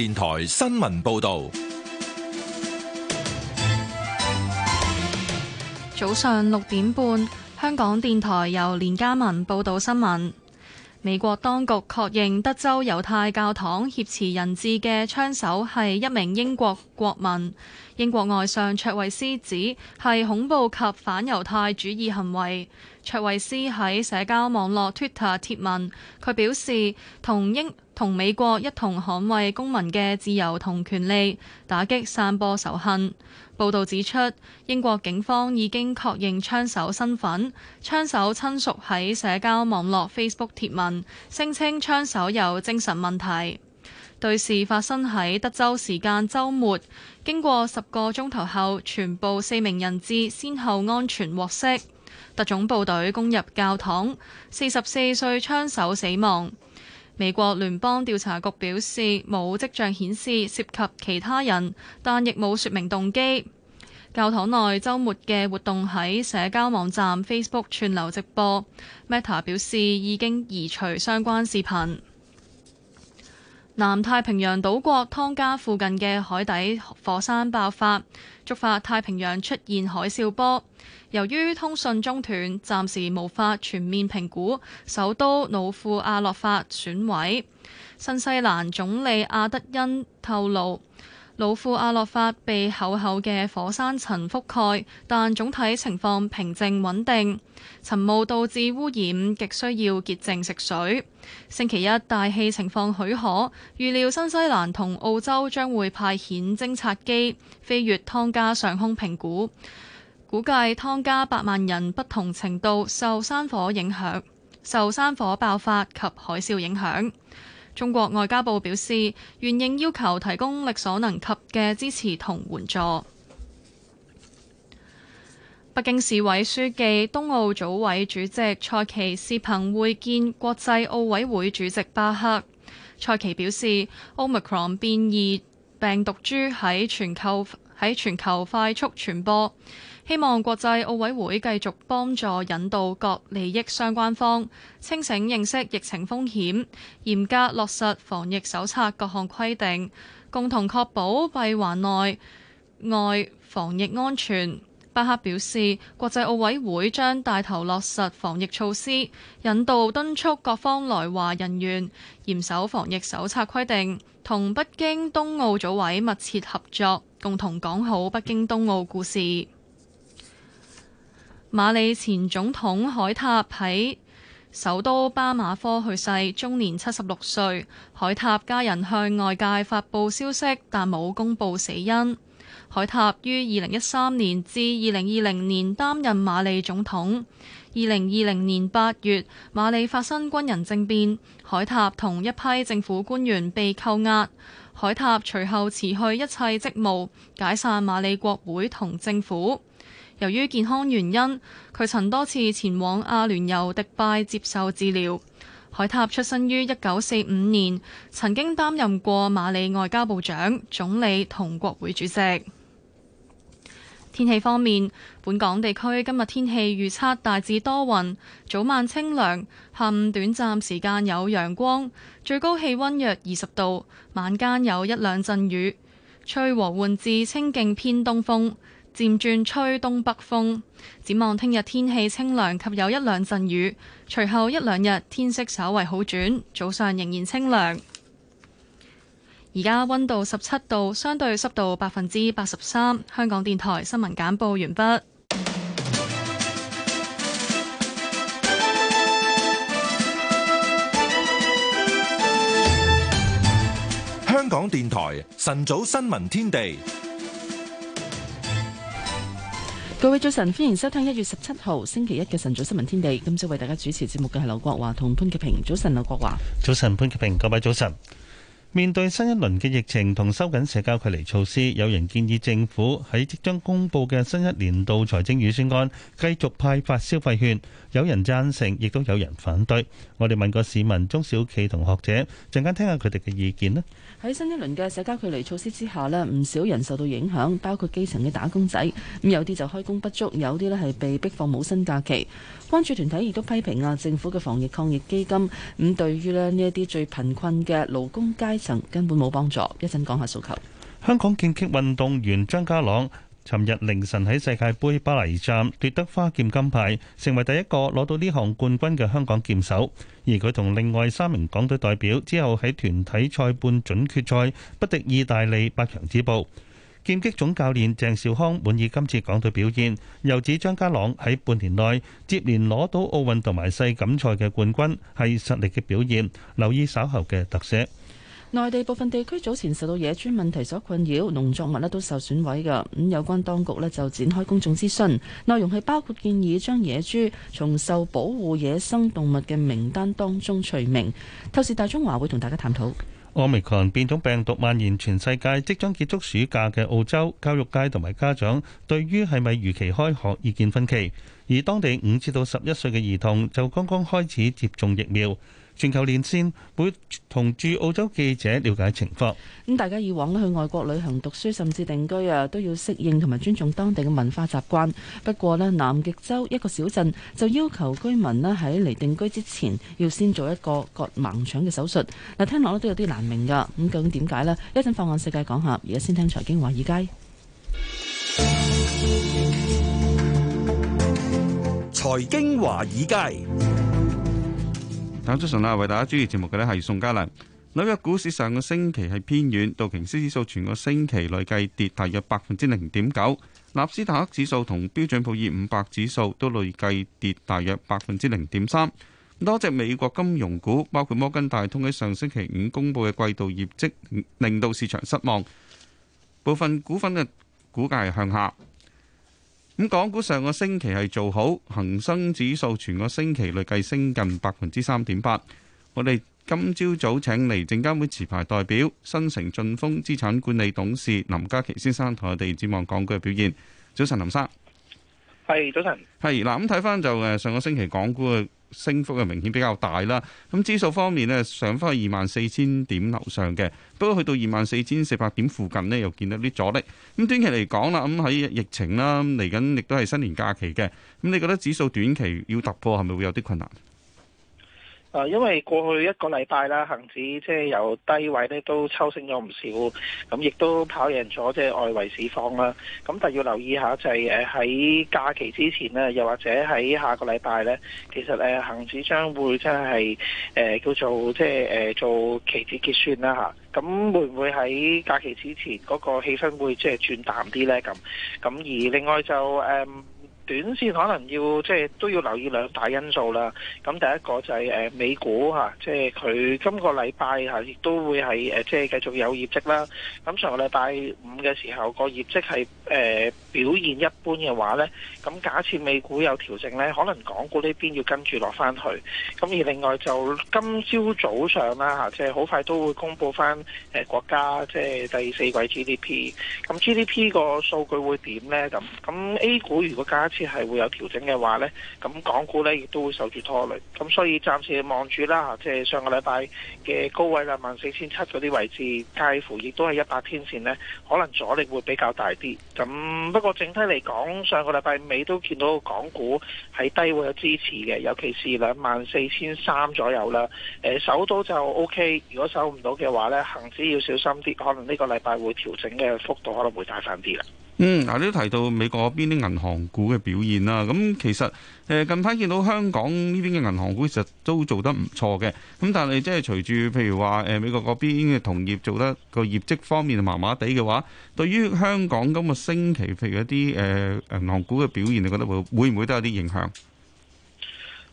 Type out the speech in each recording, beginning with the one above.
電台新聞報道：早上六點半，香港電台由連家文報道新聞。美國當局確認德州猶太教堂挾持人質嘅槍手係一名英國國民。英國外相卓慧斯指係恐怖及反猶太主義行為。卓慧思喺社交網絡 Twitter 貼文，佢表示同英同美國一同捍衞公民嘅自由同權利，打擊散播仇恨。報導指出，英國警方已經確認槍手身份，槍手親屬喺社交網絡 Facebook 貼文，聲稱槍手有精神問題。對事發生喺德州時間週末，經過十個鐘頭後，全部四名人質先後安全獲釋。特種部隊攻入教堂，四十四歲槍手死亡。美國聯邦調查局表示，冇跡象顯示涉及其他人，但亦冇說明動機。教堂內周末嘅活動喺社交網站 Facebook 串流直播，Meta 表示已經移除相關視頻。南太平洋島國湯加附近嘅海底火山爆發，觸發太平洋出現海嘯波。由於通訊中斷，暫時無法全面評估首都魯庫阿洛法損毀。新西蘭總理阿德恩透露，魯庫阿洛法被厚厚嘅火山塵覆蓋，但總體情況平靜穩定。塵霧導致污染，極需要潔淨食水。星期一大氣情況許可，預料新西蘭同澳洲將會派遣偵，偵察機飛越湯加上空評估。估計湯加百萬人不同程度受山火影響，受山火爆發及海嘯影響。中國外交部表示，願應要求提供力所能及嘅支持同援助。北京市委書記、冬奧組委主席蔡奇視頻會見國際奧委會主席巴赫。蔡奇表示，Omicron 變異病毒株喺全球喺全球快速傳播。希望國際奧委會繼續幫助引導各利益相關方清醒認識疫情風險，嚴格落實防疫手冊各項規定，共同確保閉環內外防疫安全。巴克表示，國際奧委會將帶頭落實防疫措施，引導敦促各方來華人員嚴守防疫手冊規定，同北京冬奧組委密切合作，共同講好北京冬奧故事。馬里前總統海塔喺首都巴馬科去世，終年七十六歲。海塔家人向外界發布消息，但冇公布死因。海塔於二零一三年至二零二零年擔任馬里總統。二零二零年八月，馬里發生軍人政變，海塔同一批政府官員被扣押。海塔隨後辭去一切職務，解散馬里國會同政府。由於健康原因，佢曾多次前往阿聯酋迪拜接受治療。海塔出生於一九四五年，曾經擔任過馬里外交部長、總理同國會主席。天氣方面，本港地區今日天氣預測大致多雲，早晚清涼，下午短暫時間有陽光，最高氣温約二十度，晚間有一兩陣雨，吹和緩至清勁偏東風。漸轉吹東北風，展望聽日天氣清涼及有一兩陣雨，隨後一兩日天色稍為好轉，早上仍然清涼。而家溫度十七度，相對濕度百分之八十三。香港電台新聞簡報完畢。香港電台晨早新聞天地。各位早晨，歡迎收聽一月十七號星期一嘅晨早新聞天地。今朝為大家主持節目嘅係劉國華同潘潔平。早晨，劉國華。早晨，潘潔平。各位早晨。面對新一輪嘅疫情同收緊社交距離措施，有人建議政府喺即將公布嘅新一年度財政預算案繼續派發消費券。有人贊成，亦都有人反對。我哋問過市民、中小企同學者，陣間聽下佢哋嘅意見啦。喺新一輪嘅社交距離措施之下咧，唔少人受到影響，包括基層嘅打工仔。咁有啲就開工不足，有啲咧係被逼放冇薪假期。關注團體亦都批評啊，政府嘅防疫抗疫基金咁對於咧呢一啲最貧困嘅勞工階層根本冇幫助。一陣講下訴求。香港劍擊運動員張家朗，尋日凌晨喺世界杯巴黎站奪得花劍金牌，成為第一個攞到呢項冠軍嘅香港劍手。而佢同另外三名港隊代表之後喺團體賽半準決賽不敵意大利八強止步。劍擊總教練鄭少康滿意今次港隊表現，又指張家朗喺半年內接連攞到奧運同埋世錦賽嘅冠軍，係實力嘅表現。留意稍後嘅特寫。內地部分地區早前受到野豬問題所困擾，農作物咧都受損毀嘅。咁有關當局咧就展開公眾諮詢，內容係包括建議將野豬從受保護野生動物嘅名單當中除名。透視大中華會同大家探討。奧密克戎變種病毒蔓延全世界，即將結束暑假嘅澳洲教育界同埋家長對於係咪如期開學意見分歧，而當地五至到十一歲嘅兒童就剛剛開始接種疫苗。全球連線會同駐澳洲記者了解情況。咁大家以往去外國旅行、讀書甚至定居啊，都要適應同埋尊重當地嘅文化習慣。不過咧，南極洲一個小鎮就要求居民咧喺嚟定居之前要先做一個割盲腸嘅手術。嗱，聽落都有啲難明㗎。咁究竟點解呢？一陣放眼世界講下。而家先聽財經華爾街。財經華爾街。早晨啦，為大家主持節目嘅呢係宋嘉良。紐約股市上個星期係偏軟，道瓊斯指數全個星期累計跌大約百分之零點九，納斯達克指數同標準普爾五百指數都累計跌大約百分之零點三。多隻美國金融股，包括摩根大通喺上星期五公布嘅季度業績，令到市場失望，部分股份嘅股價係向下。咁港股上個星期係做好，恒生指數全個星期累計升近百分之三點八。我哋今朝早請嚟證監會持牌代表、新城駿豐資產管理董事林家琪先生，同我哋展望港股嘅表現。早晨，林生，係早晨，係嗱。咁睇返就誒，上個星期港股嘅升幅又明顯比較大啦，咁指數方面呢，上返去二萬四千點樓上嘅，不過去到二萬四千四百點附近呢，又見到啲阻力。咁短期嚟講啦，咁喺疫情啦，嚟緊亦都係新年假期嘅，咁你覺得指數短期要突破係咪會有啲困難？啊，因為過去一個禮拜啦，恆指即係由低位咧都抽升咗唔少，咁亦都跑贏咗即係外圍市況啦。咁但係要留意下就係誒喺假期之前咧，又或者喺下個禮拜咧，其實誒恆指將會即係誒叫做即係誒做期指結算啦嚇。咁、啊、會唔會喺假期之前嗰個氣氛會即係轉淡啲咧？咁咁而另外就誒。嗯短線可能要即係都要留意兩大因素啦。咁第一個就係、是、誒美股嚇，即係佢今個禮拜嚇亦都會係誒即係繼續有業績啦。咁上個禮拜五嘅時候個業績係誒、呃、表現一般嘅話咧，咁假設美股有調整咧，可能港股呢邊要跟住落翻去。咁而另外就今朝早上啦嚇，即係好快都會公布翻誒國家即係第四季 GDP。咁 GDP 個數據會點咧？咁咁 A 股如果假即係會有調整嘅話呢，咁港股呢亦都會受住拖累，咁所以暫時望住啦，即係上個禮拜嘅高位兩萬四千七嗰啲位置，介乎亦都係一百天線呢，可能阻力會比較大啲。咁不過整體嚟講，上個禮拜尾都見到港股喺低位有支持嘅，尤其是兩萬四千三左右啦。誒、呃、守到就 OK，如果守唔到嘅話呢，恒指要小心啲，可能呢個禮拜會調整嘅幅度可能會大翻啲啦。嗯，嗱，你都提到美國嗰邊啲銀行股嘅表現啦。咁其實誒近排見到香港呢邊嘅銀行股其實都做得唔錯嘅。咁但係即係隨住譬如話誒美國嗰邊嘅同業做得個業績方面麻麻地嘅話，對於香港今個星期譬如一啲誒銀行股嘅表現，你覺得會會唔會都有啲影響？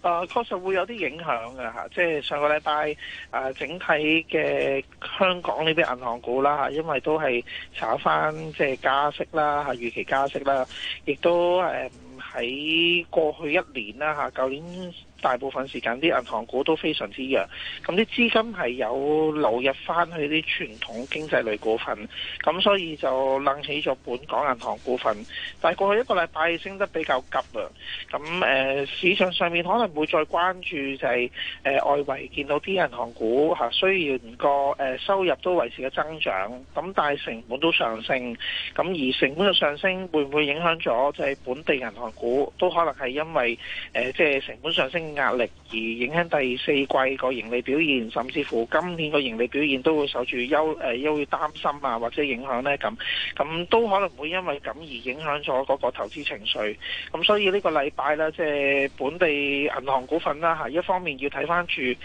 啊、呃，確實會有啲影響㗎吓、啊，即係上個禮拜，誒、啊、整體嘅香港呢啲銀行股啦、啊，因為都係炒返即係加息啦，吓、啊、預期加息啦，亦、啊、都誒喺、嗯、過去一年啦吓，舊、啊、年。大部分時間啲銀行股都非常之弱，咁啲資金係有流入翻去啲傳統經濟類股份，咁所以就冷起咗本港銀行股份。但係過去一個禮拜升得比較急啊，咁誒、呃、市場上面可能會再關注就係、是、誒、呃、外圍見到啲銀行股嚇、啊，雖然個誒收入都維持咗增長，咁但係成本都上升，咁而成本嘅上升會唔會影響咗就係本地銀行股都可能係因為誒即係成本上升？壓力而影響第四季個盈利表現，甚至乎今年個盈利表現都會受住優誒，又要擔心啊，或者影響呢。咁，咁都可能會因為咁而影響咗嗰個投資情緒。咁所以呢個禮拜咧，即係本地銀行股份啦，吓一方面要睇翻住誒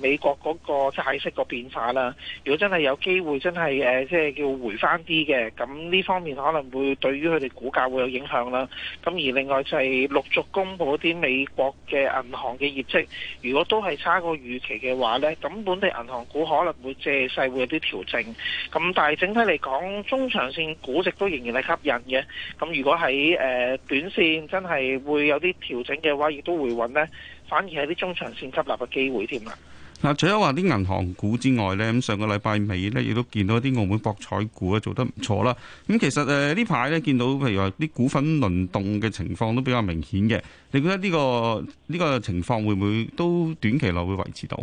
美國嗰個債息個變化啦。如果真係有機會真係誒，即係叫回翻啲嘅，咁呢方面可能會對於佢哋股價會有影響啦。咁而另外就係陸續公布啲美國嘅銀行。嘅業績，如果都係差過預期嘅話呢，咁本地銀行股可能會借勢會有啲調整。咁但係整體嚟講，中長線估值都仍然係吸引嘅。咁如果喺誒短線真係會有啲調整嘅話，亦都會揾呢，反而係啲中長線吸納嘅機會添啦。嗱，除咗話啲銀行股之外呢，咁上個禮拜尾呢，亦都見到啲澳門博彩股啊做得唔錯啦。咁其實誒呢排呢，見到譬如話啲股份輪動嘅情況都比較明顯嘅，你覺得呢個呢個情況會唔會都短期內會維持到？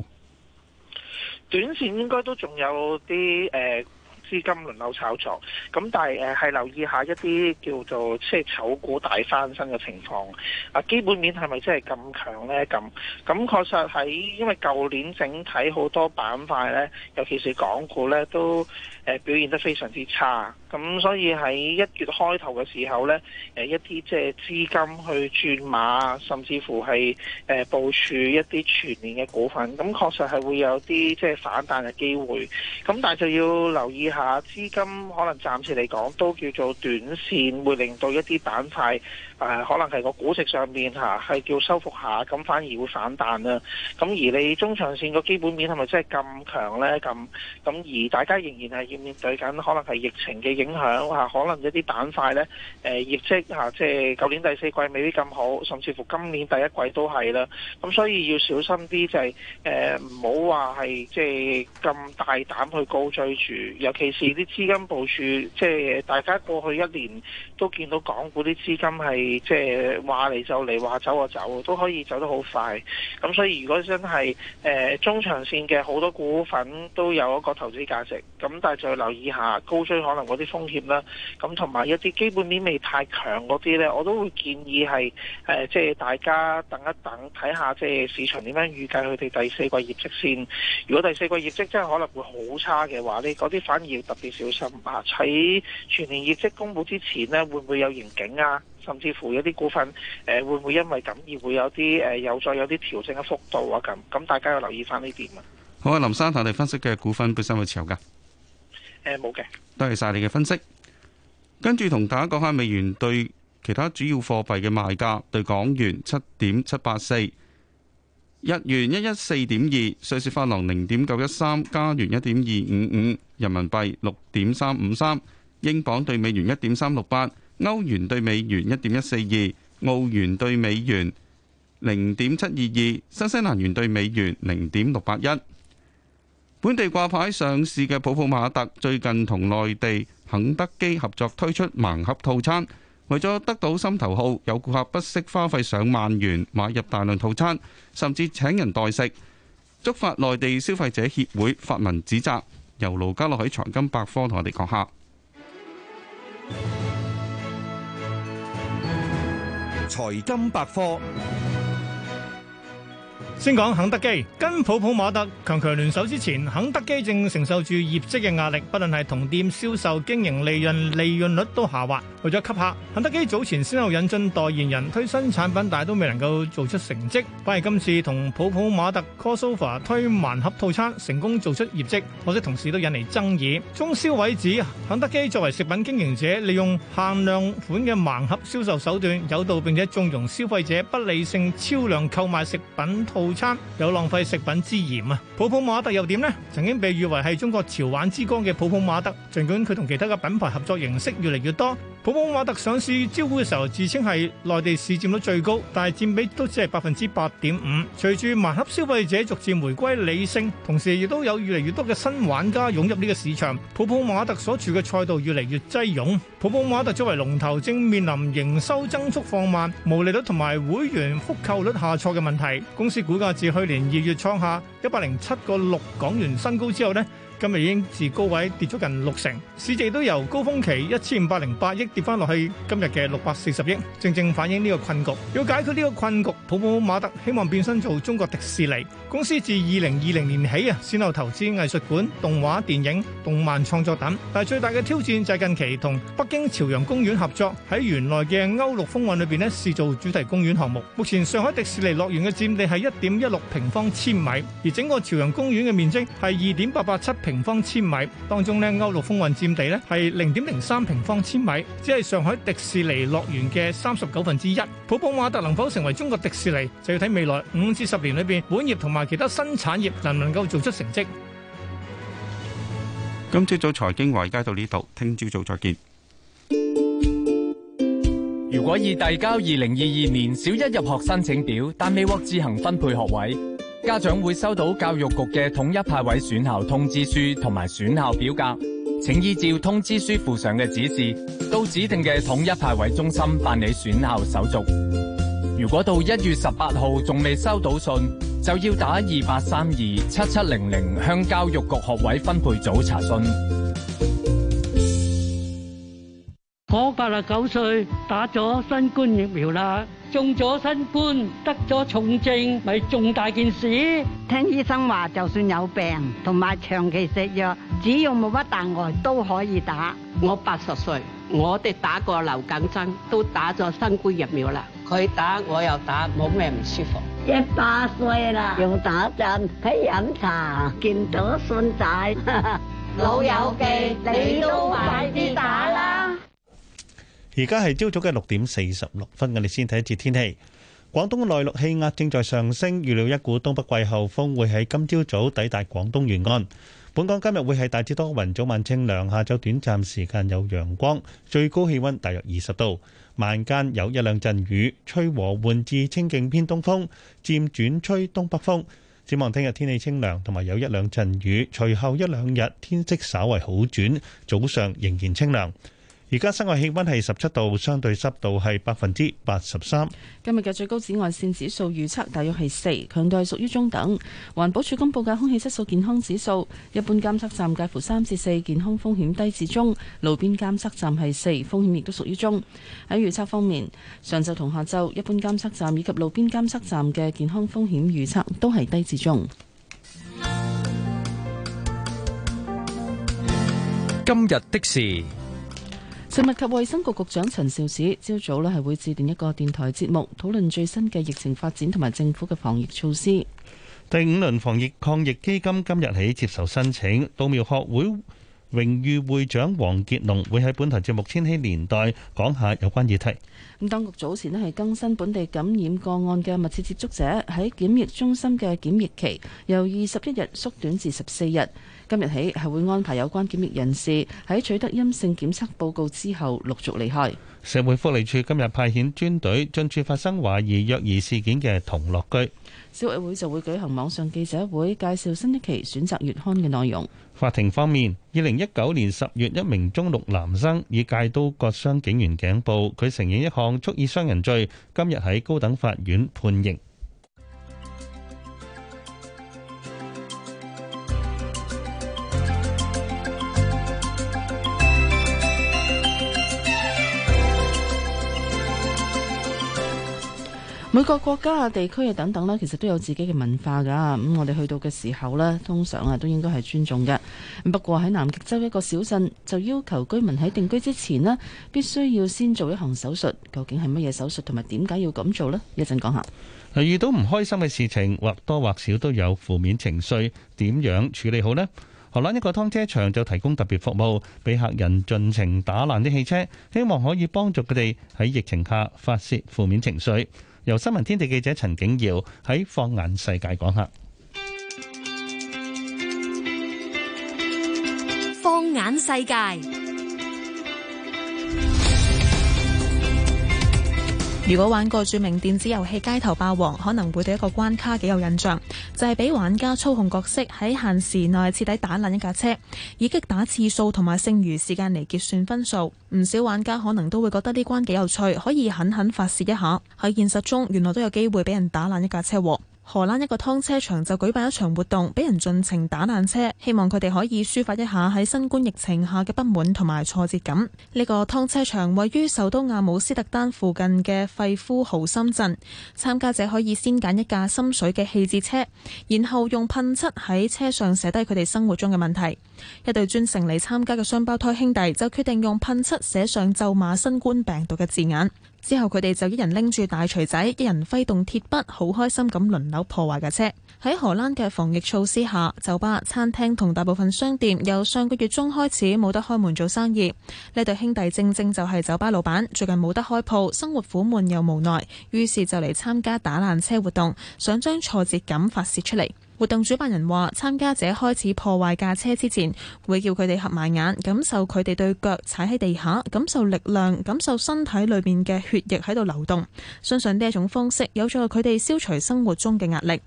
短線應該都仲有啲誒。呃資金輪流炒作，咁但係誒係留意一下一啲叫做即係炒股大翻身嘅情況。啊，基本面係咪真係咁強呢？咁咁確實喺因為舊年整體好多板塊咧，尤其是港股呢，都誒表現得非常之差。咁所以喺一月開頭嘅時候呢，誒一啲即係資金去轉馬，甚至乎係誒部署一啲全年嘅股份。咁確實係會有啲即係反彈嘅機會。咁但係就要留意。下資金可能暫時嚟講都叫做短線，會令到一啲板塊。誒、啊、可能係個估值上面，嚇、啊、係叫收復下，咁反而會反彈啦、啊。咁、啊、而你中長線個基本面係咪真係咁強呢？咁、啊、咁而大家仍然係要面對緊可能係疫情嘅影響嚇、啊，可能一啲板塊呢，誒業績嚇，即係舊年第四季未必咁好，甚至乎今年第一季都係啦。咁、啊、所以要小心啲、就是啊，就係誒唔好話係即係咁大膽去高追住，尤其是啲資金部署，即、就、係、是、大家過去一年都見到港股啲資金係。即係話嚟，就嚟，話走就走，都可以走得好快。咁所以如果真係誒、呃、中長線嘅好多股份都有一個投資價值，咁但係就要留意下高追可能嗰啲風險啦。咁同埋一啲基本面未太強嗰啲咧，我都會建議係誒即係大家等一等，睇下即係市場點樣預計佢哋第四季業績先。如果第四季業績真係可能會好差嘅話，你嗰啲反而要特別小心啊！喺全年業績公佈之前咧，會唔會有盈警啊？甚至乎有啲股份，誒、呃、會唔會因為咁而會有啲誒有再有啲調整嘅幅度啊？咁咁大家要留意翻呢點啊！好啊，林生，睇你分析嘅股份本身有冇持有噶？誒冇嘅。多謝晒你嘅分析。跟住同大家講下美元對其他主要貨幣嘅賣價：對港元七點七八四，日元一一四點二，瑞士法郎零點九一三，加元一點二五五，人民幣六點三五三，英鎊對美元一點三六八。歐元兌美元一點一四二，澳元兌美元零點七二二，新西蘭元兌美元零點六八一。本地掛牌上市嘅普普馬特最近同內地肯德基合作推出盲盒套餐，為咗得到心頭好，有顧客不惜花費上萬元買入大量套餐，甚至請人代食，觸發內地消費者協會發文指責。由盧家樂喺財金百科同我哋講下。財金百科。先講肯德基跟普普馬特強強聯手。之前，肯德基正承受住業績嘅壓力，不論係同店銷售、經營利潤、利潤率都下滑。為咗吸客，肯德基早前先後引進代言人推新產品，但係都未能夠做出成績。反而今次同普普馬特 call sofa 推盲盒套餐，成功做出業績，可惜同時都引嚟爭議。中消委指肯德基作為食品經營者，利用限量款嘅盲盒銷售手段，有道並且縱容消費者不理性超量購買食品套套餐有浪費食品之嫌啊！泡泡瑪特又點咧？曾經被譽為係中國潮玩之光嘅泡泡瑪特，儘管佢同其他嘅品牌合作形式越嚟越多。普普馬特上市招股嘅時候，自稱係內地市占率最高，但係占比都只係百分之八點五。隨住盲盒消費者逐漸回歸理性，同時亦都有越嚟越多嘅新玩家湧入呢個市場，普普馬特所處嘅賽道越嚟越擠擁。普普馬特作為龍頭，正面臨營收增速放慢，毛利率同埋會員復購率下挫嘅問題。公司股價自去年二月創下一百零七個六港元新高之後呢。今日已經自高位跌咗近六成，市值都由高峰期一千五百零八億跌翻落去今日嘅六百四十億，正正反映呢個困局。要解決呢個困局，泡泡瑪特希望變身做中國迪士尼公司。自二零二零年起啊，先後投資藝術館、動畫電影、動漫創作等。但係最大嘅挑戰就係近期同北京朝陽公園合作喺原來嘅歐陸風韻裏邊咧，試做主題公園項目。目前上海迪士尼樂園嘅佔地係一點一六平方千米，而整個朝陽公園嘅面積係二點八八七平方千米當中咧，歐陸風雲占地咧係零點零三平方千米，只係上海迪士尼樂園嘅三十九分之一。泡泡瑪特能否成為中國迪士尼，就要睇未來五至十年裏邊，本業同埋其他新產業能唔能夠做出成績。今朝早財經華爾街到呢度，聽朝早再見。如果已遞交二零二二年小一入學申請表，但未獲自行分配學位，家長會收到教育局嘅統一派位選校通知書同埋選校表格，請依照通知書附上嘅指示，到指定嘅統一派位中心辦理選校手續。如果到一月十八號仲未收到信，就要打二八三二七七零零向教育局學位分配組查詢。我八十九歲，打咗新冠疫苗啦。中咗新冠，得咗重症，咪重大件事。聽醫生話，就算有病同埋長期食藥，只要冇乜大礙都可以打。我八十歲，我哋打過流感針，都打咗新冠疫苗啦。佢打，我又打，冇咩唔舒服。一百歲啦，用打針，喺飲茶，見到孫仔，老友記，你都快啲打啦。而家係朝早嘅六點四十六分，我哋先睇一節天氣。廣東內陸氣壓正在上升，預料一股東北季候風會喺今朝早抵達廣東沿岸。本港今日會係大致多雲，早晚清涼，下晝短暫時間有陽光，最高氣溫大約二十度，晚間有一兩陣雨，吹和緩至清勁偏東風，漸轉吹東北風。展望聽日天氣清涼，同埋有，有一兩陣雨，隨後一兩日天色稍為好轉，早上仍然清涼。而家室外氣溫係十七度，相對濕度係百分之八十三。今日嘅最高紫外線指數預測大約係四，強度係屬於中等。環保署公布嘅空氣質素健康指數，一般監測站介乎三至四，健康風險低至中；路邊監測站係四，風險亦都屬於中。喺預測方面，上晝同下晝一般監測站以及路邊監測站嘅健康風險預測都係低至中。今日的事。食物及衛生局局長陳肇始朝早呢係會致電一個電台節目，討論最新嘅疫情發展同埋政府嘅防疫措施。第五輪防疫抗疫基金今日起接受申請。稻苗學會榮譽會長黃傑龍會喺本台節目《千禧年代》講下有關議題。咁，當局早前呢係更新本地感染個案嘅密切接觸者喺檢疫中心嘅檢疫期，由二十一日縮短至十四日。今日起係會安排有關檢疫人士喺取得陰性檢測報告之後，陸續離開。社會福利署今日派遣專隊進駐發生懷疑虐兒事件嘅同樂居。消委會就會舉行網上記者會，介紹新一期選擇月刊嘅內容。法庭方面，二零一九年十月，一名中六男生以戒刀割傷警員頸部，佢承認一項蓄意傷人罪，今日喺高等法院判刑。每個國家啊、地區啊等等啦，其實都有自己嘅文化㗎。咁、嗯、我哋去到嘅時候咧，通常啊都應該係尊重嘅。不過喺南極洲一個小鎮就要求居民喺定居之前咧，必須要先做一行手術。究竟係乜嘢手術，同埋點解要咁做呢？一陣講下。遇到唔開心嘅事情，或多或少都有負面情緒，點樣處理好呢？荷蘭一個劏車場就提供特別服務，俾客人盡情打爛啲汽車，希望可以幫助佢哋喺疫情下發泄負面情緒。由新聞天地記者陳景耀喺放眼世界講下，放眼世界。如果玩過著名電子遊戲《街頭霸王》，可能會對一個關卡幾有印象，就係俾玩家操控角色喺限時內徹底打爛一架車，以擊打次數同埋剩餘時間嚟結算分數。唔少玩家可能都會覺得呢關幾有趣，可以狠狠發泄一下。喺現實中，原來都有機會俾人打爛一架車喎。荷蘭一個劏車場就舉辦一場活動，俾人盡情打爛車，希望佢哋可以抒發一下喺新冠疫情下嘅不滿同埋挫折感。呢、這個劏車場位於首都阿姆斯特丹附近嘅費夫豪森鎮，參加者可以先揀一架心水嘅棄置車，然後用噴漆喺車上寫低佢哋生活中嘅問題。一對專程嚟參加嘅雙胞胎兄弟就決定用噴漆寫上咒罵新冠病毒嘅字眼，之後佢哋就一人拎住大錘仔，一人揮動鐵筆，好開心咁輪流破壞架車。喺荷蘭嘅防疫措施下，酒吧、餐廳同大部分商店由上個月中開始冇得開門做生意。呢對兄弟正正就係酒吧老闆，最近冇得開鋪，生活苦悶又無奈，於是就嚟參加打爛車活動，想將挫折感發泄出嚟。活動主辦人話：參加者開始破壞架車之前，會叫佢哋合埋眼，感受佢哋對腳踩喺地下，感受力量，感受身體裏面嘅血液喺度流動。相信呢一種方式有助佢哋消除生活中嘅壓力。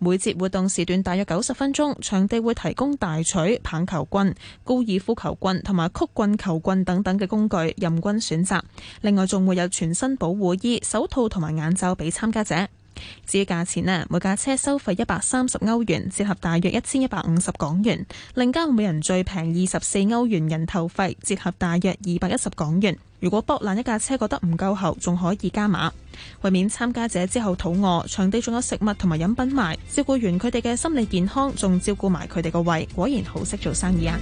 每節活動時段大約九十分鐘，場地會提供大錘、棒球棍、高爾夫球棍同埋曲棍球棍等等嘅工具任君選擇。另外仲會有全身保護衣、手套同埋眼罩俾參加者。至於價錢咧，每架車收費一百三十歐元，折合大約一千一百五十港元，另加每人最平二十四歐元人頭費，折合大約二百一十港元。如果博爛一架車覺得唔夠喉，仲可以加碼，為免參加者之後肚餓，場地仲有食物同埋飲品賣，照顧完佢哋嘅心理健康，仲照顧埋佢哋個胃，果然好識做生意啊！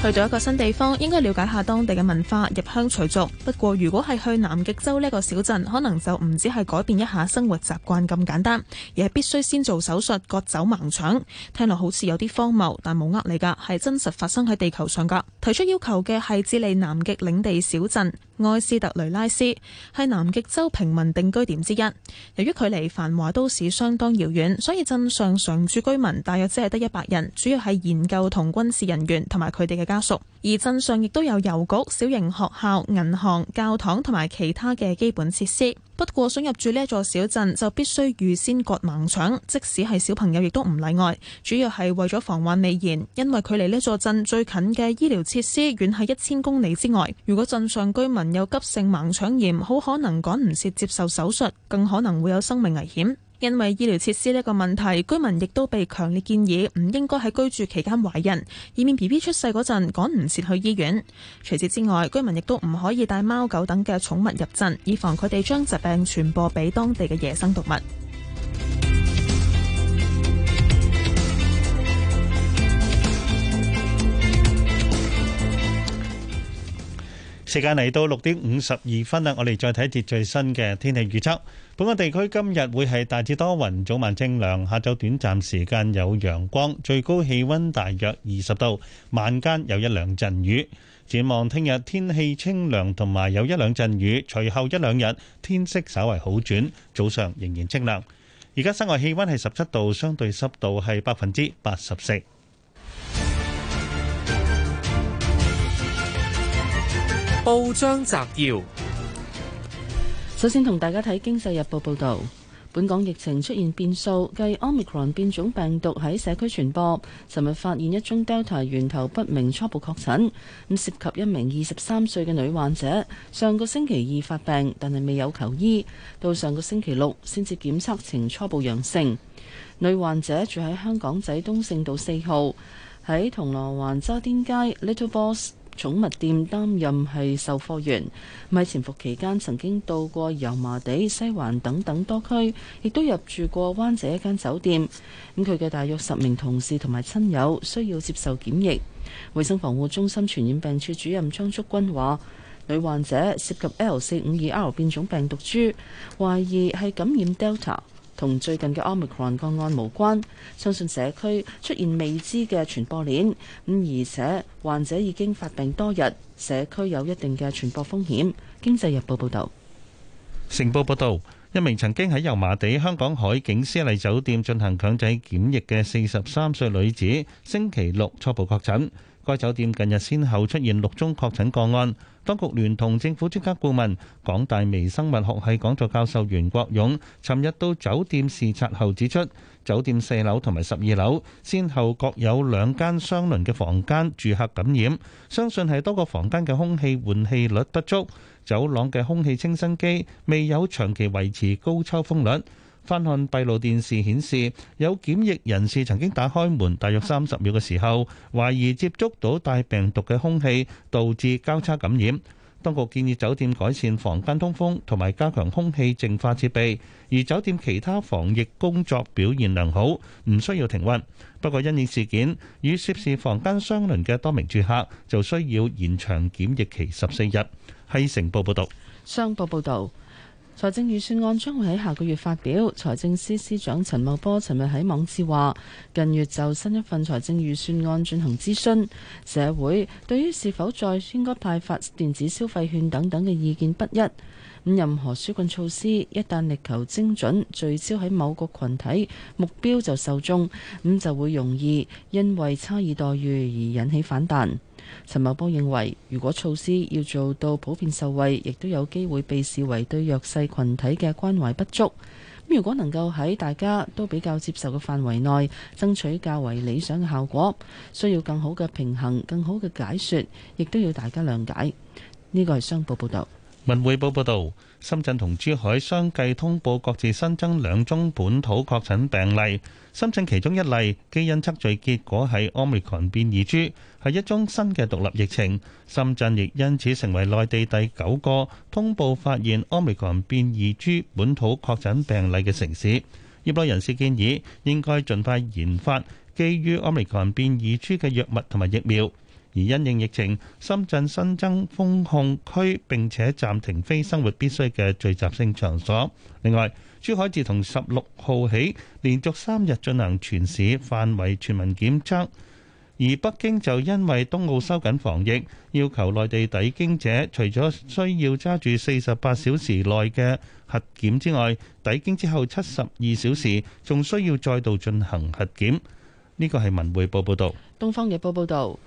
去到一個新地方，應該了解下當地嘅文化，入鄉隨俗。不過如果係去南極洲呢個小鎮，可能就唔止係改變一下生活習慣咁簡單，而係必須先做手術割走盲腸。聽落好似有啲荒謬，但冇呃你噶，係真實發生喺地球上噶。提出要求嘅係智利南極領地小鎮埃斯特雷拉斯，係南極洲平民定居點之一。由於距離繁華都市相當遙遠，所以鎮上常住居，居民大約只係得一百人，主要係研究同軍事人員同埋佢哋嘅。家屬，而鎮上亦都有郵局、小型學校、銀行、教堂同埋其他嘅基本設施。不過想入住呢一座小鎮，就必須預先割盲腸，即使係小朋友亦都唔例外。主要係為咗防患未然，因為距離呢座鎮最近嘅醫療設施遠喺一千公里之外。如果鎮上居民有急性盲腸炎，好可能趕唔切接受手術，更可能會有生命危險。因為醫療設施呢個問題，居民亦都被強烈建議唔應該喺居住期間懷孕，以免 B B 出世嗰陣趕唔切去醫院。除此之外，居民亦都唔可以帶貓狗等嘅寵物入鎮，以防佢哋將疾病傳播俾當地嘅野生動物。時間嚟到六點五十二分啦，我哋再睇一節最新嘅天氣預測。本港地區今日會係大致多雲，早晚清涼，下晝短暫時間有陽光，最高氣溫大約二十度，晚間有一兩陣雨。展望聽日天氣清涼同埋有一兩陣雨，隨後一兩日天色稍為好轉，早上仍然清涼。而家室外氣溫係十七度，相對濕度係百分之八十四。報章摘要，首先同大家睇《經濟日報》報道，本港疫情出現變數，繼 omicron 變種病毒喺社區傳播，尋日發現一宗 Delta 源頭不明初步確診，咁涉及一名二十三歲嘅女患者，上個星期二發病，但係未有求醫，到上個星期六先至檢測呈初步陽性。女患者住喺香港仔東勝道四號，喺銅鑼灣渣甸街 Little Boss。寵物店擔任係售貨員，喺潛伏期間曾經到過油麻地、西環等等多區，亦都入住過灣仔一間酒店。咁佢嘅大約十名同事同埋親友需要接受檢疫。衛生防護中心傳染病處主任張竹君話，女患者涉及 L 四五二 R 變種病毒株，懷疑係感染 Delta。同最近嘅 Omicron 個案無關，相信社區出現未知嘅傳播鏈，而且患者已經發病多日，社區有一定嘅傳播風險。經濟日報報道，成報報道，一名曾經喺油麻地香港海景絲麗酒店進行強制檢疫嘅四十三歲女子，星期六初步確診，該酒店近日先後出現六宗確診個案。當局聯同政府專家顧問、港大微生物學系講座教授袁國勇，尋日到酒店視察後指出，酒店四樓同埋十二樓，先後各有兩間相鄰嘅房間住客感染，相信係多個房間嘅空氣換氣率不足，走廊嘅空氣清新機未有長期維持高抽風率。翻看閉路電視顯示，有檢疫人士曾經打開門大約三十秒嘅時候，懷疑接觸到帶病毒嘅空氣，導致交叉感染。當局建議酒店改善房間通風同埋加強空氣淨化設備，而酒店其他防疫工作表現良好，唔需要停運。不過，因應事件，與涉事房間相鄰嘅多名住客就需要延長檢疫期十四日。係成報報道，商報報道。財政預算案將會喺下個月發表。財政司司長陳茂波尋日喺網誌話：近月就新一份財政預算案進行諮詢，社會對於是否再應該派發電子消費券等等嘅意見不一。咁任何紓困措施一旦力求精準，聚焦喺某個群體，目標就受眾，咁就會容易因為差異待遇而引起反彈。陳茂波認為，如果措施要做到普遍受惠，亦都有機會被視為對弱勢群體嘅關懷不足。如果能夠喺大家都比較接受嘅範圍內，爭取較為理想嘅效果，需要更好嘅平衡、更好嘅解說，亦都要大家諒解。呢個係商報報道。文匯報報道，深圳同珠海相繼通報各自新增兩宗本土確診病例。深圳其中一例基因測序結果係奧密克戎變異株，係一宗新嘅獨立疫情。深圳亦因此成為內地第九個通報發現奧密克戎變異株本土確診病例嘅城市。業內人士建議應該盡快研發基於奧密克戎變異株嘅藥物同埋疫苗。而因應疫情，深圳新增封控區，並且暫停非生活必需嘅聚集性場所。另外，珠海自從十六號起連續三日進行全市範圍全民檢測，而北京就因為冬奧收緊防疫，要求內地抵京者除咗需要揸住四十八小時內嘅核檢之外，抵京之後七十二小時仲需要再度進行核檢。呢個係文匯報報道。《東方日報》報導。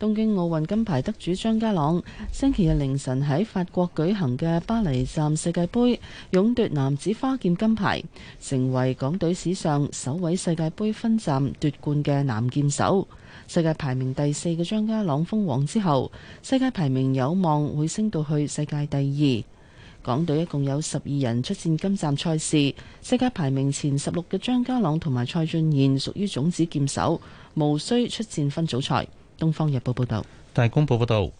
東京奧運金牌得主張家朗星期日凌晨喺法國舉行嘅巴黎站世界杯，勇奪男子花劍金牌，成為港隊史上首位世界杯分站奪冠嘅男劍手。世界排名第四嘅張家朗封王之後，世界排名有望會升到去世界第二。港隊一共有十二人出戰今站賽事，世界排名前十六嘅張家朗同埋蔡俊賢屬於種子劍手，無需出戰分組賽。《東方日報》報導，《大公報》報導，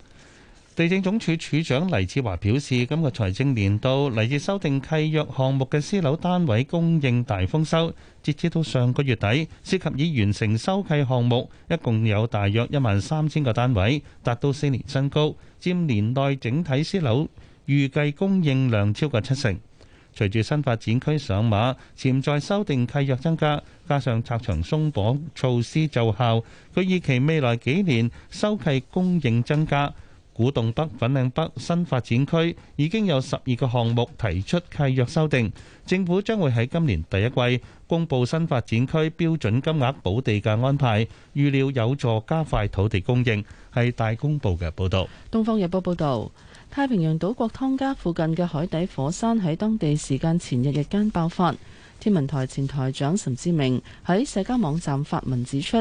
地政總署署長黎智華表示，今個財政年度嚟自修訂契約項目嘅私樓單位供應大豐收。截至到上個月底，涉及已完成修契項目，一共有大約一萬三千個單位，達到四年新高，佔年內整體私樓預計供應量超過七成。隨住新發展區上馬，潛在修訂契約增加。加上拆牆鬆綁措施奏效，佢預期未來幾年收契供應增加。古洞北、粉嶺北新發展區已經有十二個項目提出契約修訂，政府將會喺今年第一季公布新發展區標準金額補地價安排，預料有助加快土地供應。係大公報嘅報導。《東方日報》報導，太平洋島國湯加附近嘅海底火山喺當地時間前日日間爆發。天文台前台長岑志明喺社交網站發文指出：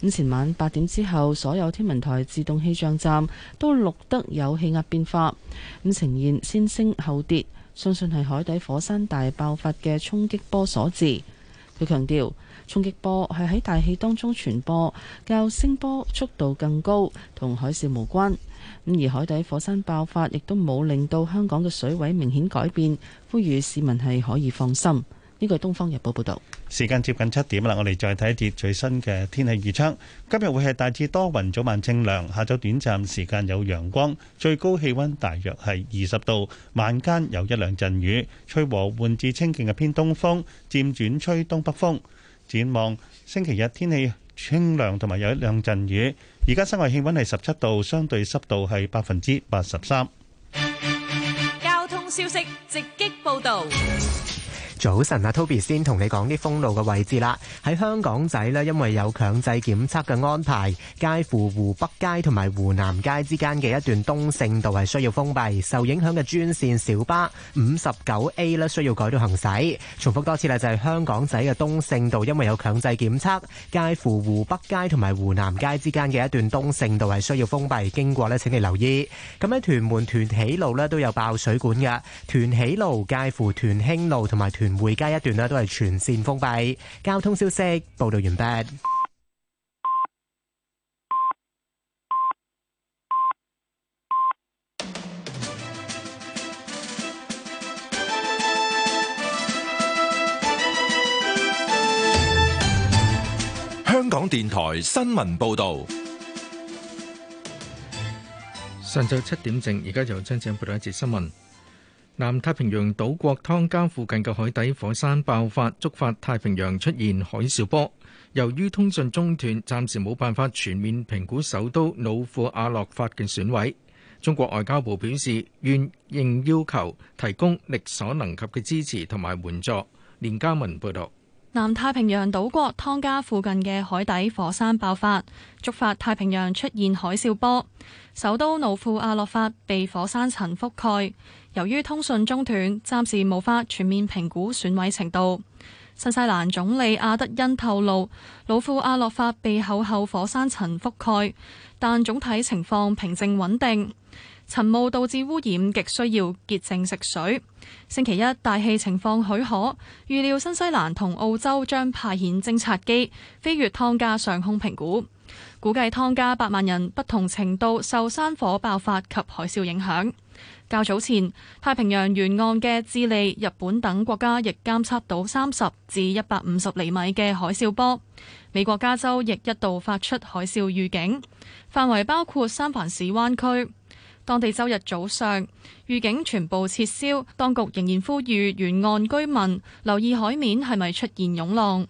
咁前晚八點之後，所有天文台自動氣象站都錄得有氣壓變化，咁呈現先升後跌，相信係海底火山大爆發嘅衝擊波所致。佢強調，衝擊波係喺大氣當中傳播，較聲波速度更高，同海嘯無關。咁而海底火山爆發亦都冇令到香港嘅水位明顯改變，呼籲市民係可以放心。呢個《東方日報》報道，時間接近七點啦，我哋再睇一節最新嘅天氣預測。今日會係大致多雲，早晚清涼，下晝短暫時間有陽光，最高氣溫大約係二十度，晚間有一兩陣雨，吹和緩至清勁嘅偏東風，漸轉吹東北風。展望星期日天氣清涼，同埋有一兩陣雨。而家室外氣溫係十七度，相對濕度係百分之八十三。交通消息直擊報道。早晨啊，Toby 先同你講啲封路嘅位置啦。喺香港仔咧，因為有強制檢測嘅安排，介乎湖北街同埋湖南街之間嘅一段東勝道係需要封閉。受影響嘅專線小巴五十九 A 咧，需要改道行駛。重複多次啦，就係香港仔嘅東勝道，因為有強制檢測，介乎湖北街同埋湖南街之間嘅一段東勝道係需要封閉。經過咧，請你留意。咁喺屯門屯喜路咧，都有爆水管嘅，屯喜路介乎屯興路同埋屯。回家一段呢都係全線封閉。交通消息報道完畢。香港電台新聞報道，上晝七點正，而家由張姐報道一節新聞。南太平洋島國湯加附近嘅海底火山爆發，觸發太平洋出現海嘯波。由於通訊中斷，暫時冇辦法全面評估首都努庫阿洛法嘅損毀。中國外交部表示，願應要求提供力所能及嘅支持同埋援助。連家文報導，南太平洋島國湯加附近嘅海底火山爆發，觸發太平洋出現海嘯波，首都努庫阿洛法被火山塵覆蓋。由於通訊中斷，暫時無法全面評估損毀程度。新西蘭總理阿德恩透露，努庫阿洛法被厚厚火山塵覆蓋，但總體情況平靜穩定。塵霧導致污染，極需要潔淨食水。星期一大氣情況許可，預料新西蘭同澳洲將派遣偵察機飛越湯加上空評估。估計湯加百萬人不同程度受山火爆發及海嘯影響。較早前，太平洋沿岸嘅智利、日本等國家亦監測到三十至一百五十厘米嘅海嘯波。美國加州亦一度發出海嘯預警，範圍包括三藩市灣區。當地周日早上預警全部撤銷，當局仍然呼籲沿岸居民留意海面係咪出現湧浪。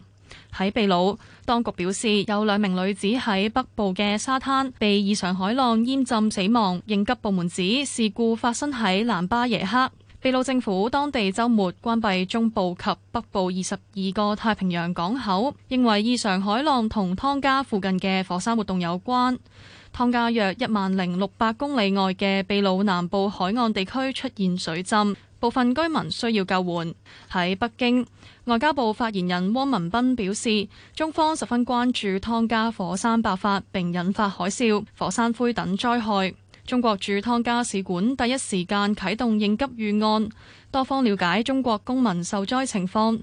喺秘魯。當局表示，有兩名女子喺北部嘅沙灘被異常海浪淹浸死亡。應急部門指事故發生喺南巴耶克。秘魯政府當地周末關閉中部及北部二十二個太平洋港口，認為異常海浪同湯加附近嘅火山活動有關。湯加約一萬零六百公里外嘅秘魯南部海岸地區出現水浸。部分居民需要救援。喺北京，外交部發言人汪文斌表示，中方十分關注湯加火山爆發並引發海嘯、火山灰等災害。中國駐湯加使館第一時間啟動應急預案，多方了解中國公民受災情況。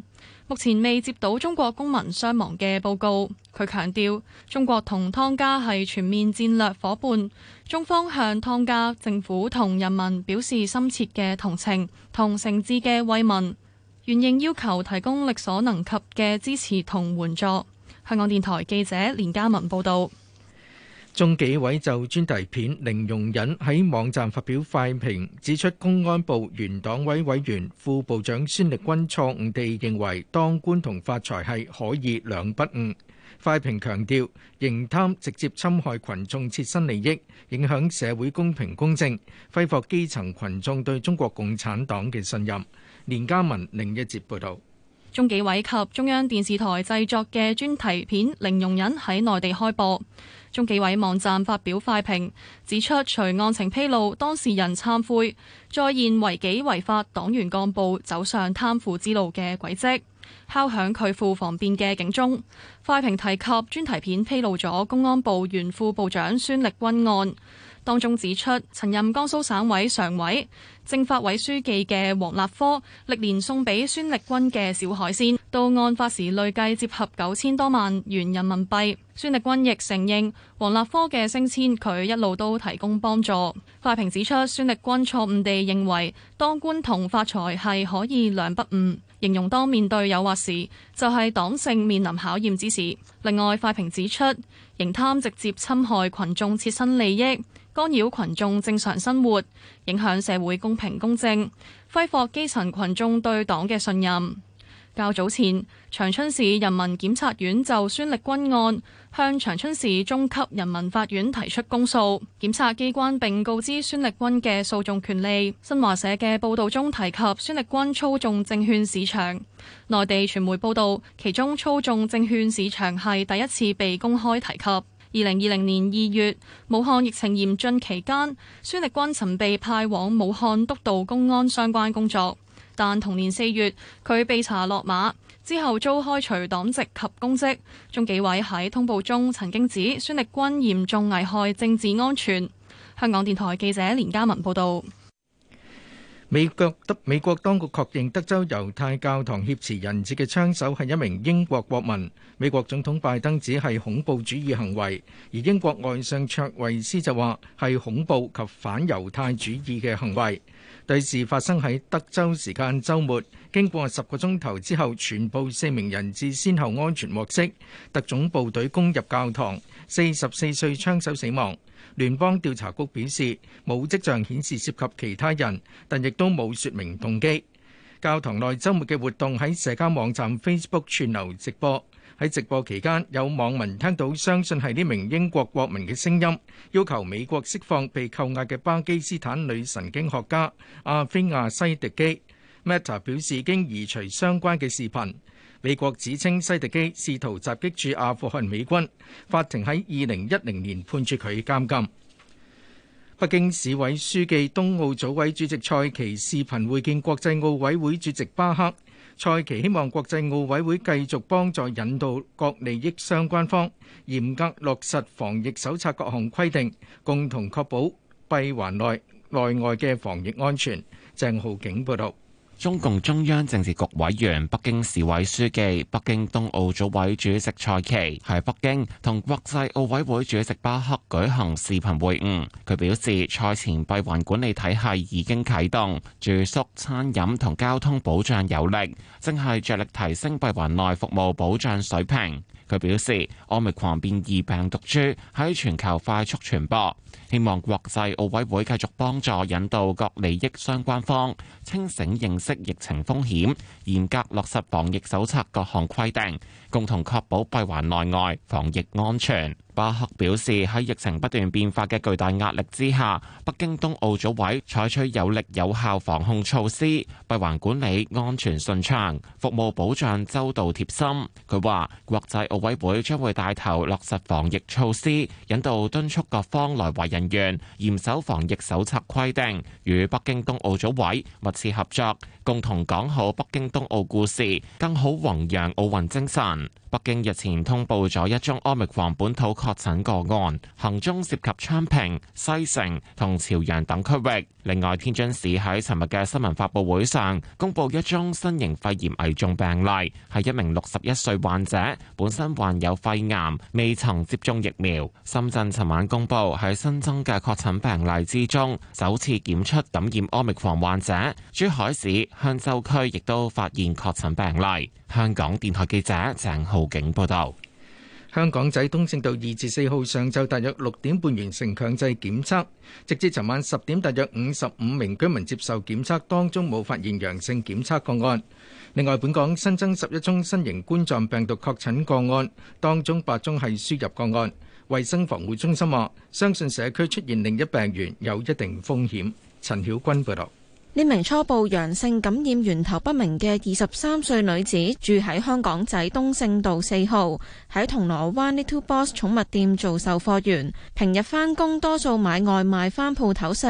目前未接到中國公民傷亡嘅報告。佢強調，中國同湯加係全面戰略夥伴，中方向湯加政府同人民表示深切嘅同情同誠摯嘅慰問，願應要求提供力所能及嘅支持同援助。香港電台記者連嘉文報道。中紀委就專題片零容忍喺網站發表快評，指出公安部原黨委委員副部長孫力軍錯誤地認為當官同發財係可以兩不誤。快評強調，貪污直接侵害羣眾切身利益，影響社會公平公正，揮霍基層羣眾對中國共產黨嘅信任。連家文另一節報道，中紀委及中央電視台製作嘅專題片零容忍喺內地開播。中紀委網站發表快評，指出隨案情披露，當事人懺悔，再現違紀違法黨員幹部走上貪腐之路嘅軌跡，敲響拒腐防變嘅警鐘。快評提及專題片披露咗公安部原副部長孫力軍案，當中指出，曾任江蘇省委常委。政法委書記嘅王立科歷年送俾孫力軍嘅小海鮮，到案發時累計折合九千多萬元人民幣。孫力軍亦承認王立科嘅升遷，佢一路都提供幫助。快評指出，孫力軍錯誤地認為當官同發財係可以兩不誤，形容當面對誘惑時就係、是、黨性面臨考驗之時。另外，快評指出，蠅貪直接侵害群眾切身利益。干擾群眾正常生活，影響社會公平公正，揮霍基層群眾對黨嘅信任。較早前，長春市人民檢察院就孫力軍案向長春市中級人民法院提出公訴，檢察機關並告知孫力軍嘅訴訟權利。新華社嘅報道中提及孫力軍操縱證券市場，內地傳媒報道，其中操縱證券市場係第一次被公開提及。二零二零年二月，武漢疫情嚴峻期間，孫力軍曾被派往武漢督導公安相關工作，但同年四月，佢被查落馬，之後遭開除黨籍及公職。中紀委喺通報中曾經指孫力軍嚴重危害政治安全。香港電台記者連嘉文報道。美國德美國當局確認德州猶太教堂挾持人質嘅槍手係一名英國國民。美國總統拜登指係恐怖主義行為，而英國外相卓維斯就話係恐怖及反猶太主義嘅行為。對事發生喺德州時間週末，經過十個鐘頭之後，全部四名人質先後安全獲釋。特種部隊攻入教堂，四十四歲槍手死亡。聯邦調查局表示，冇跡象顯示涉及其他人，但亦都冇説明動機。教堂內週末嘅活動喺社交網站 Facebook 串流直播。喺直播期間，有網民聽到相信係呢名英國國民嘅聲音，要求美國釋放被扣押嘅巴基斯坦女神經學家阿菲亞西迪基。Meta 表示已經移除相關嘅視頻。美國指稱西迪基試圖襲擊駐阿富汗美軍，法庭喺二零一零年判處佢監禁。北京市委書記、冬奧組委主席蔡奇視頻會見國際奧委會主席巴克。蔡奇希望國際奧委會繼續幫助引導各利益相關方嚴格落實防疫手冊各項規定，共同確保閉環內內外嘅防疫安全。鄭浩景報道。中共中央政治局委員、北京市委書記、北京冬奧組委主席蔡奇喺北京同國際奧委會主席巴赫舉行視頻會晤。佢表示，賽前閉環管理體系已經啟動，住宿、餐飲同交通保障有力，正係着力提升閉環內服務保障水平。佢表示，奧密克戎變異病毒株喺全球快速傳播。希望國際奧委會繼續幫助引導各利益相關方清醒認識疫情風險，嚴格落實防疫手冊各項規定，共同確保閉環內外防疫安全。巴赫表示喺疫情不斷變化嘅巨大壓力之下，北京冬奧組委採取有力有效防控措施，閉環管理安全順暢，服務保障周到貼心。佢話國際奧委會將會帶頭落實防疫措施，引導敦促各方來維。人員嚴守防疫手冊規定，與北京冬奧組委密切合作，共同講好北京冬奧故事，更好弘揚奧運精神。北京日前通報咗一宗奧密克戎本土確診個案，行蹤涉及昌平、西城同朝陽等區域。另外，天津市喺尋日嘅新聞發布會上公布一宗新型肺炎危重病例，係一名六十一歲患者，本身患有肺癌，未曾接種疫苗。深圳尋晚公布喺新增嘅確診病例之中，首次檢出感染奧密克戎患者。珠海市香洲區亦都發現確診病例。香港電台記者鄭浩景報道。香港仔東正道二至四號上晝大約六點半完成強制檢測，直至尋晚十點，大約五十五名居民接受檢測，當中冇發現陽性檢測個案。另外，本港新增十一宗新型冠狀病毒確診個案，當中八宗係輸入個案。衛生防護中心話、啊，相信社區出現另一病源有一定風險。陳曉君報導。呢名初步陽性感染源頭不明嘅二十三歲女子住喺香港仔東勝道四號，喺銅鑼灣呢 Little Boss 寵物店做售貨員，平日翻工，多數買外賣翻鋪頭食。